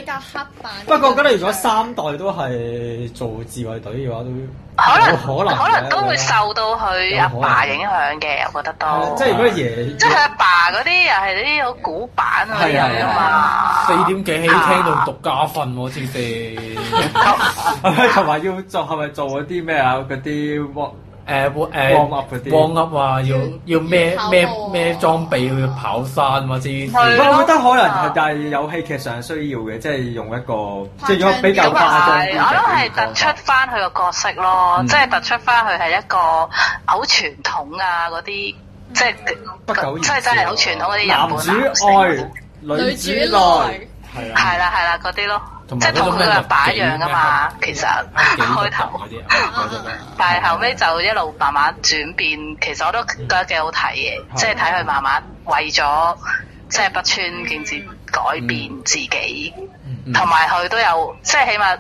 不過我覺得如果三代都係做自衛隊嘅話，都可能可能，可能都會受到佢阿爸，爸影響嘅，我覺得都、啊、即係如果爺即係阿爸嗰啲又係啲好古板啊啲啊嘛，四點幾喺廳度讀家訓喎、啊，真係同埋要做係咪做嗰啲咩啊嗰啲。誒會誒 warm up 啲 warm up 啊，要要咩咩咩裝備去跑山嘛？至於了我覺得可能係，但係有戲劇上需要嘅，即、就、係、是、用一個即係、就是、比較大嘅。我諗係突出翻佢個角色咯，嗯、即係突出翻佢係一個好傳統啊嗰啲，即係不即係真係好傳統嗰啲。男主外，女主內，係啊，係啦的，係啦，嗰啲咯。即係同佢嘅擺樣㗎嘛，其實開頭，但係後尾就一路慢慢轉變，其實我都覺得幾好睇嘅，嗯、即係睇佢慢慢為咗即係北川景子改變自己，同埋佢都有，即係起碼。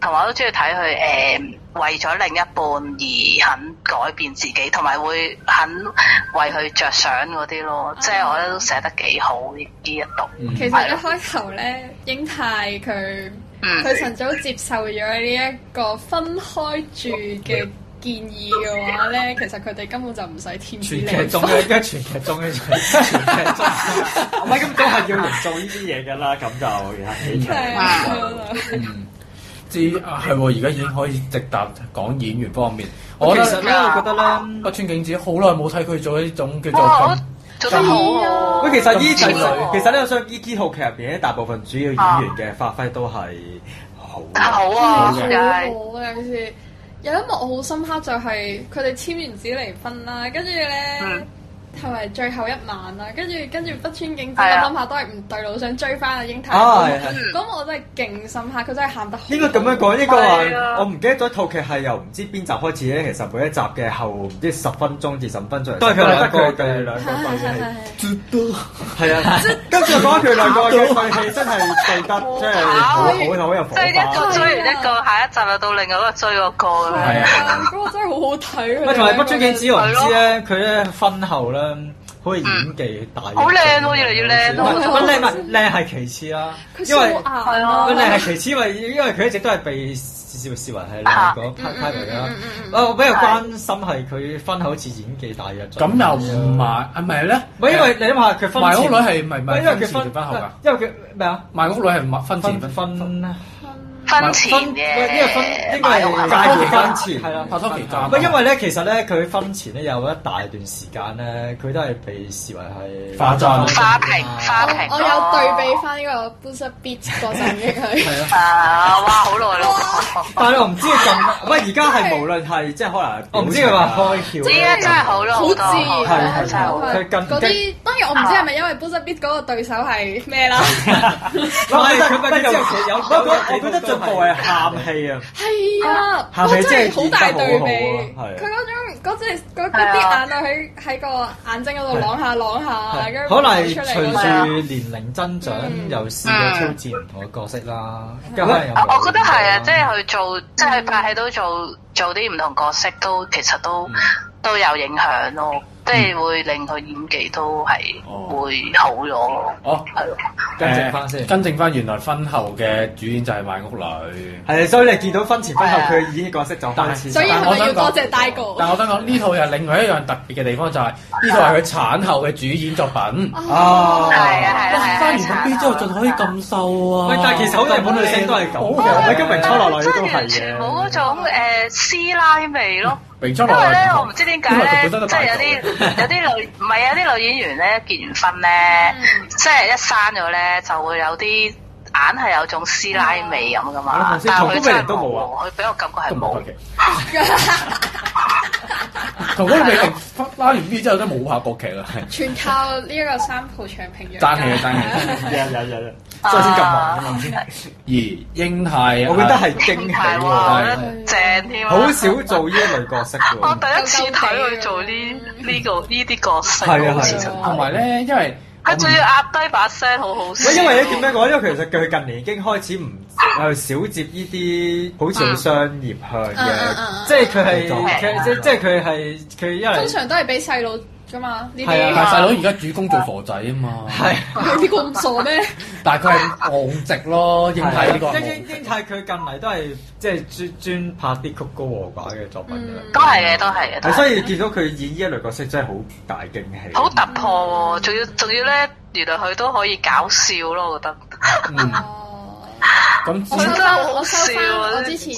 同埋我都中意睇佢誒，為咗另一半而肯改變自己，同埋會肯為佢着想嗰啲咯。嗯、即係我覺得都寫得幾好呢一度。嗯、吧其實一開頭咧，英泰佢佢晨早接受咗呢一個分開住嘅建議嘅話咧，其實佢哋根本就唔使添亂。 全劇中嘅，而家全劇中嘅，全劇中。唔係咁都係要人做呢啲嘢㗎啦，咁就係 知係喎，而家已經可以直達講演員方面。我其實咧，我覺得咧，北川景子好耐冇睇佢做呢種叫做咁。咁好，喂，其實依集，其實呢我想依啲好劇入邊咧，大部分主要演員嘅發揮都係好。好啊，好啊，有啲有一幕我好深刻，就係佢哋簽完紙離婚啦，跟住咧。係咪最後一晚啦？跟住跟住北川景子咧諗下都係唔對路，想追翻阿英太。咁我真係勁深刻，佢真係喊得好。應該咁樣講，應該話我唔記得咗套劇係由唔知邊集開始咧。其實每一集嘅後唔知十分鐘至十五分鐘。都係佢兩個對兩個分戲。係啊，跟住講佢兩個嘅分戲真係對得即係好投入。即係一個追完一個，下一集又到另外一個追嗰個啦。係啊，嗰個真係好好睇。同埋北川景子我唔知咧，佢咧婚後咧。嗯，可以演技大好靚咯，越嚟越靚咯。唔係唔係，靚係其次啦。佢好硬咯。係咯。靚係其次，因為因為佢一直都係被視視為係嗰 part part 嚟啦。我比較關心係佢婚後好似演技大嘅。咁又唔係啊？唔係咧？係因為你諗下，佢婚後。賣屋女係唔係唔係？因為佢婚婚後噶。因為佢咩啊？賣屋女係唔係婚前婚。婚前嘅，因為因為介意婚前，係啦，拍拖期間。唔係因為咧，其實咧，佢婚前咧有一大段時間咧，佢都係被視為係化妝。化平化我有對比翻呢個 Boosie Biz 嗰陣嘅佢。係啊！哇！好耐咯。但係我唔知佢咁，喂，而家係無論係即係可能，我唔知佢話開竅。真係真係好囉。好自然。係係係。佢近啲，當然我唔知係咪因為 Boosie Bizz 嗰個對手係咩啦？我覺得就。個位喊氣啊！係啊，真係好大對比。佢一嗰種嗰隻啲眼淚喺喺個眼睛嗰度晾下晾下，跟住、啊嗯嗯、可能係隨住年齡增長，又試過挑戰唔同嘅角色啦。覺啦嗯、我覺得係啊，即係去做，即係拍戲都做做啲唔同角色都，都其實都都有影響咯。即係會令佢演技都係會好咗。好，跟正翻先，跟正翻，原來婚後嘅主演就係賣屋女。係，所以你見到婚前婚後佢嘅演角色就婚前。所以我要多謝 d i，但係我想講呢套又另外一樣特別嘅地方，就係呢套係佢產後嘅主演作品。哦，係啊係啊！生完 B 之後仲可以咁瘦啊！但係其實好多本地女星都係咁。咁咪抽落來都係。真係完全冇嗰種誒師奶味咯。因為咧，為我唔知點解咧，即係有啲 有啲女唔係有啲女演員咧，結完婚咧， 即係一生咗咧，就會有啲。硬係有種師奶味咁噶嘛？桐谷美玲都冇啊，佢俾我感覺係冇。桐谷美玲翻完 B 之後都冇拍過劇啦，係。全靠呢一個三浦翔平。撐起啊，撐起！有有有，真係咁忙啊嘛！先，而瑛太，我覺得係驚喜喎，正添。好少做呢一類角色喎。我第一次睇佢做呢呢個呢啲角色。係啊係啊，同埋咧，因為。佢仲要壓低把聲，好好笑。喂，因為點樣講？因為其實佢近年已經開始唔係少接呢啲好似商業向嘅，即係佢係即即係佢係佢因為。通常都係俾細路。噶嘛呢啲，細佬而家主攻做傻仔啊嘛，係呢個唔傻咩？但係佢係戇直咯，英太呢個。英英英太佢、嗯、近嚟都係即係專專拍啲曲高和寡嘅作品㗎都係嘅，都係嘅。所以見到佢演呢一類角色真係好大驚喜，好突破喎、啊！仲、嗯、要仲要咧，原來佢都可以搞笑咯，我覺得。 嗯。咁 真係好笑，啊、我之前。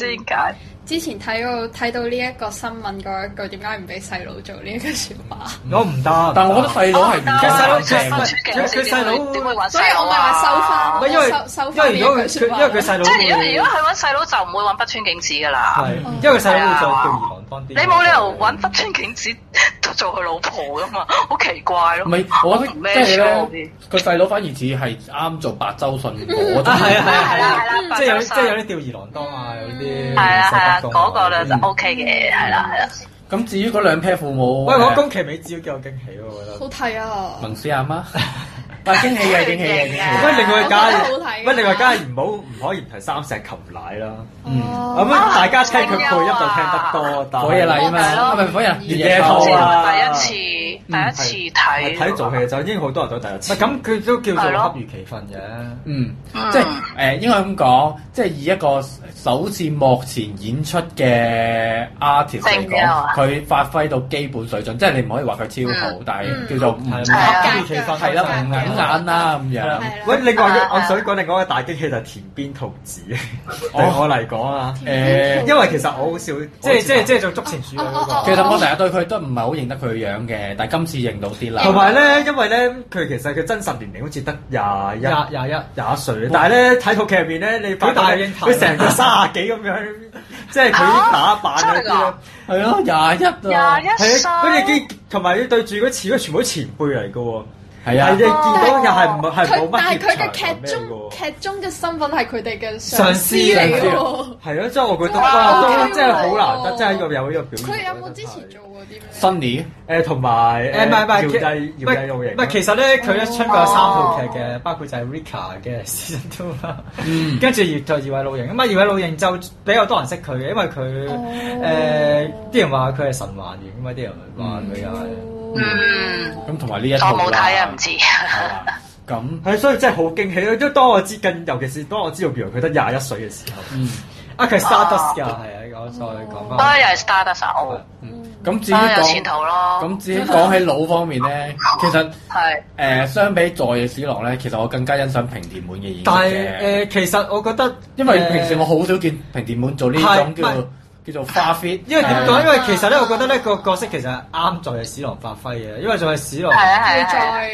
之前睇到睇到呢一個新聞嗰一句，點解唔俾細佬做呢一句説話？我唔得，但我覺得細佬係唔得，佢細佬佢細佬點會揾？所以我咪為話收翻，因為因為如果佢因為佢細佬，即係如果如果佢揾細佬就唔會揾北川景子㗎啦，因為佢細佬會做。 你冇理由揾北川景子做佢老婆噶嘛？好奇怪咯！唔係，我覺得咩係咯，佢細佬反而似係啱做白周信吾，覺得係啊係啦係啦，即係即係有啲吊兒郎當啊，有啲係啊係啊，嗰個咧就 OK 嘅，係啦係啦。咁至於嗰兩 pair 父母，喂，我宮崎美子幾有驚喜喎，覺得好睇啊！文斯阿媽。但係驚喜嘅驚喜嘅，唔係另外加，唔係另外加，唔好唔可以唔提三石琴奶啦。嗯，咁樣大家聽佢配音就聽得多，火嘢嚟啊嘛。咁咪火人熱嘢套啦。第一次第一次睇睇做戲就已經好多人睇第一次。咁佢都叫做恰如其分嘅。嗯，即係誒應該咁講，即係以一個首次幕前演出嘅 artist 嚟講，佢發揮到基本水準，即係你唔可以話佢超好，但係叫做唔恰如其分係啦，唔啱。眼啦咁樣。喂！你講，我想講另外嗰個大驚喜就係田邊桃子，對我嚟講啊。誒，因為其實我好少，即係即係即係做捉錢鼠嗰個。其實我成日對佢都唔係好認得佢樣嘅，但係今次認到啲啦。同埋咧，因為咧，佢其實佢真實年齡好似得廿一、廿一、廿一歲，但係咧睇套劇入邊咧，你佢大英頭，佢成個卅幾咁樣，即係佢打扮係咯廿一廿一，佢哋見同埋你對住嗰啲，全部都前輩嚟嘅。係啊，你見到又係唔係冇乜，但係佢嘅劇中劇中嘅身份係佢哋嘅上司嚟嘅喎。係咯，即係我覺得，即係好難得，即係要有呢個表現。佢有冇之前做過啲咩新年同埋誒唔係唔係，姚繼姚繼魯營唔係，其實咧，佢一出就三套劇嘅，包括就係 Rika 嘅《跟住就二位魯營，咁啊二位魯營就比較多人識佢嘅，因為佢誒啲人話佢係神還原，咁啊啲人話佢又係。咁同埋呢一套我冇睇啊。唔知，係嘛？咁係，所以真係好驚喜咯！即當我知，跟尤其是當我知道譬如佢得廿一歲嘅時候，嗯，啊，佢係 starters 㗎，係啊，我再講翻，啊，又係 starters 啊，嗯，咁至於講，咁至於講喺腦方面咧，其實係誒，相比佐野史郎咧，其實我更加欣賞平田滿嘅演技嘅。但係誒，其實我覺得，因為平時我好少見平田滿做呢種叫，叫做花 fit，因為點講？因為其實咧，我覺得呢個角色其實啱在野史郎發揮嘅，因為在野史郎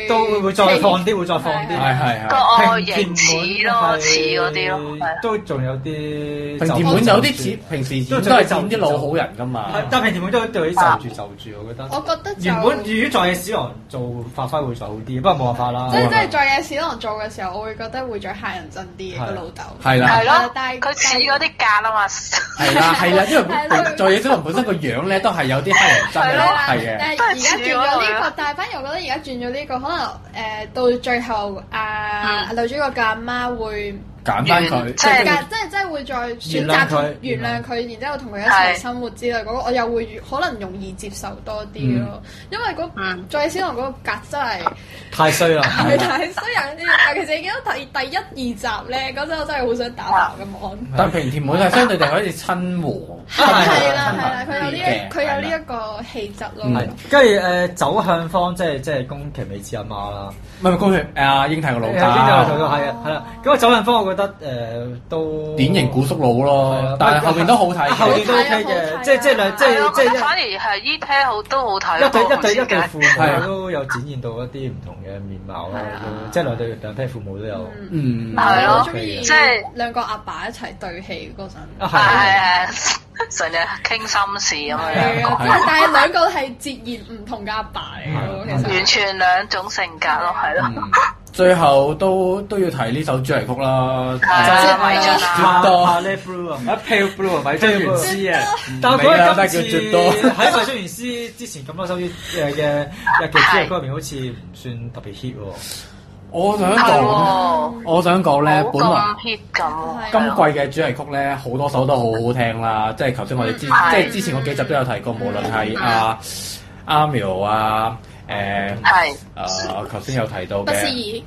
都會會再放啲，會再放啲，個外形似咯，似嗰啲咯，都仲有啲平田滿有啲似，平時都都係就啲老好人㗎嘛。但平田滿都對啲就住就住，我覺得。我覺得原本如果在野史郎做發揮會再好啲，不過冇辦法啦。即係即係在野史郎做嘅時候，我會覺得會再嚇人憎啲嘅。個老豆。係啦，係咯，但係佢計嗰啲價啊嘛。係啦，係啦。做嘢豬龍本身個樣咧，都係有啲黑人憎咯，係啊 的。誒， 而家轉咗呢個，但係反而我覺得而家轉咗呢個，可能誒、呃、到最後啊，女主角個阿媽會。揀翻佢，即係即係即係會再選擇原諒佢，然之後同佢一齊生活之類嗰個，我又會可能容易接受多啲咯，因為嗰再先我嗰個格真係太衰啦，太衰啊！但其實而家第第一二集咧，嗰陣我真係好想打爆咁安。但平田滿係相對地可以親和，係啦係啦，佢有呢佢有呢一個氣質落，跟住誒走向方，即係即係宮崎美子阿媽啦，唔咪唔係宮崎阿英太個老，係啊係啊，咁啊走向芳得誒都典型古縮佬咯，但係後面都好睇，後面都 OK 嘅，即係即係兩即係反而係一 pair 好都好睇，一對一對一對父母都有展現到一啲唔同嘅面貌啦，即係兩對兩 pair 父母都有，嗯，係咯，即係兩個阿爸一齊對戲嗰陣，係係係，成日傾心事咁樣，係啊，但係兩個係截然唔同嘅阿爸嚟，完全兩種性格咯，係咯。最後都都要提呢首主題曲啦，p 多。Pale Blue 咪，米津玄師啊！但係佢今次喺《米津玄師》之前咁多首嘅嘅嘅日劇主題曲入面好似唔算特別 hit。我想講，我想講咧，本季 hit 咁。今季嘅主題曲咧，好多首都好好聽啦，即係頭先我哋即係之前嗰幾集都有提過，無論係阿阿苗啊。誒，啊，頭先有提到嘅，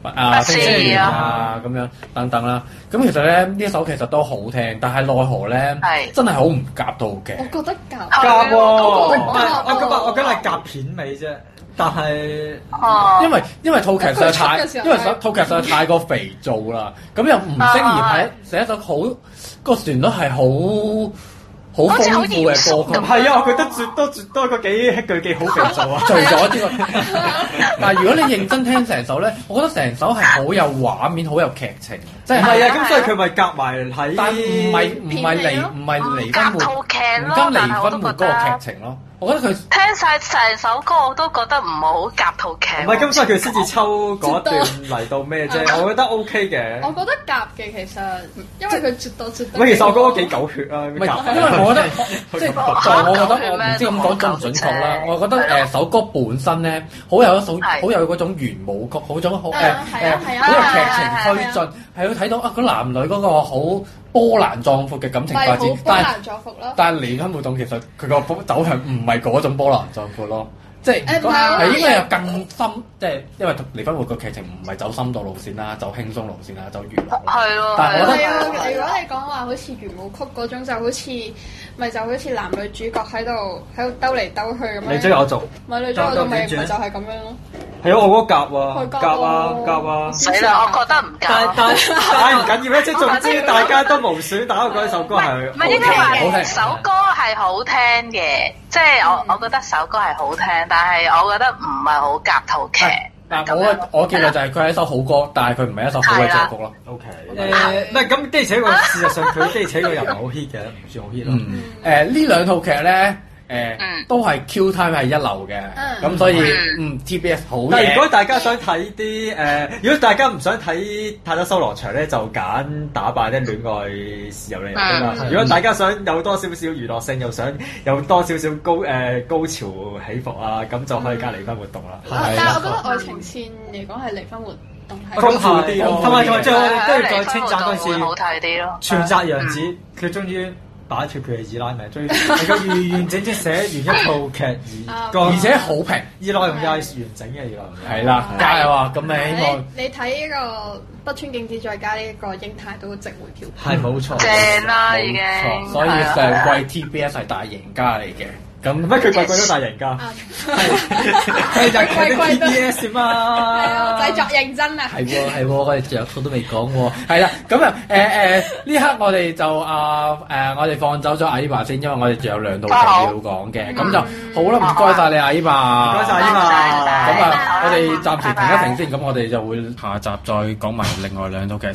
啊，不思議啊，咁樣等等啦。咁其實咧，呢一首其實都好聽，但係奈何咧，真係好唔夾到嘅。我覺得夾，夾喎。我我咁話，我梗係夾片尾啫。但係，因為因為套劇實在太，因為套套劇實在太過肥皂啦。咁又唔適宜喺寫一首好，個旋律係好。好豐富嘅歌曲，係啊，我覺得絕多絕多一個幾一句幾好嘅作啊，除咗啲咯。但係如果你認真聽成首咧，我覺得成首係好有畫面，好有劇情。即係唔係啊？咁所以佢咪夾埋喺，但唔係唔係離唔係離婚，唔夾套劇咯。但係我都覺得，聽晒成首歌我都覺得唔好夾套劇。唔係，咁所以佢先至抽嗰段嚟到咩啫？我覺得 OK 嘅。我覺得夾嘅其實，因為佢絕對絕對。咪其實我覺得幾狗血啊？咪因為我覺得，即係我覺得我唔知咁講準唔準確啦。我覺得誒首歌本身咧，好有一首好有嗰種圓舞曲，好種好誒，係啊係啊，好有劇情推進，係一種。睇到啊個男女嗰個好波瀾壯闊嘅感情發展，是但係是但係離婚活動，其實佢個走向唔係嗰種波瀾壯闊咯。即係係應該有更深，即係因為離婚活個劇情唔係走深度路線啦，走輕鬆路線啦，走完係啊。但係我覺得，如果你講話好似圓舞曲嗰種，就好似咪就好似男女主角喺度喺度兜嚟兜去咁樣。你追我做，咪男女我做咪就係咁樣咯。係啊，我嗰夾喎，夾啊，夾啊。之前我覺得唔夾，但係唔緊要咧，即係總之大家都無損打開首歌係好聽。唔係應該話，首歌係好聽嘅。即係我，嗯、我覺得首歌係好聽，但係我覺得唔係好夾套劇咁我樣。我我記得就係佢係一首好歌，啊、但係佢唔係一首好嘅作曲咯。O K 了。誒，唔係咁，而且個事實上佢，而且個又唔係好 hit 嘅，唔算好 hit 咯。誒，呢兩套劇咧。誒，都係 Q time 係一流嘅，咁所以嗯 TBS 好。但如果大家想睇啲誒，如果大家唔想睇《太多修羅場》咧，就揀《打扮啲戀愛事由》嚟啊，如果大家想有多少少娛樂性，又想有多少少高誒高潮起伏啊，咁就可以加「離婚活動」啦。但係我覺得愛情線嚟講係離婚活動，豐富啲咯。同埋同埋最我都要再稱讚多次。泉澤陽子，佢終於。打脫佢嘅二奶咪，仲要佢個完完整整寫完一部劇完，而且好平。二奶用嘅 i c 完整嘅二奶，係啦，加油啊！咁咪希望你睇呢個北川景子再加呢個英泰都值回票，係冇錯，正啦已經，所以上季 TBS 係大贏家嚟嘅。咁乜佢貴貴都大贏家，係就貴貴都 E S 嘛，製作認真啊！係喎係喎，我哋仲有好多未講喎，係啦，咁啊誒誒呢刻我哋就啊誒我哋放走咗阿 aiba 先，因為我哋仲有兩套劇要講嘅，咁就好啦，唔該晒你阿 aiba，唔該晒 aiba，咁啊我哋暫時停一停先，咁我哋就會下集再講埋另外兩套劇。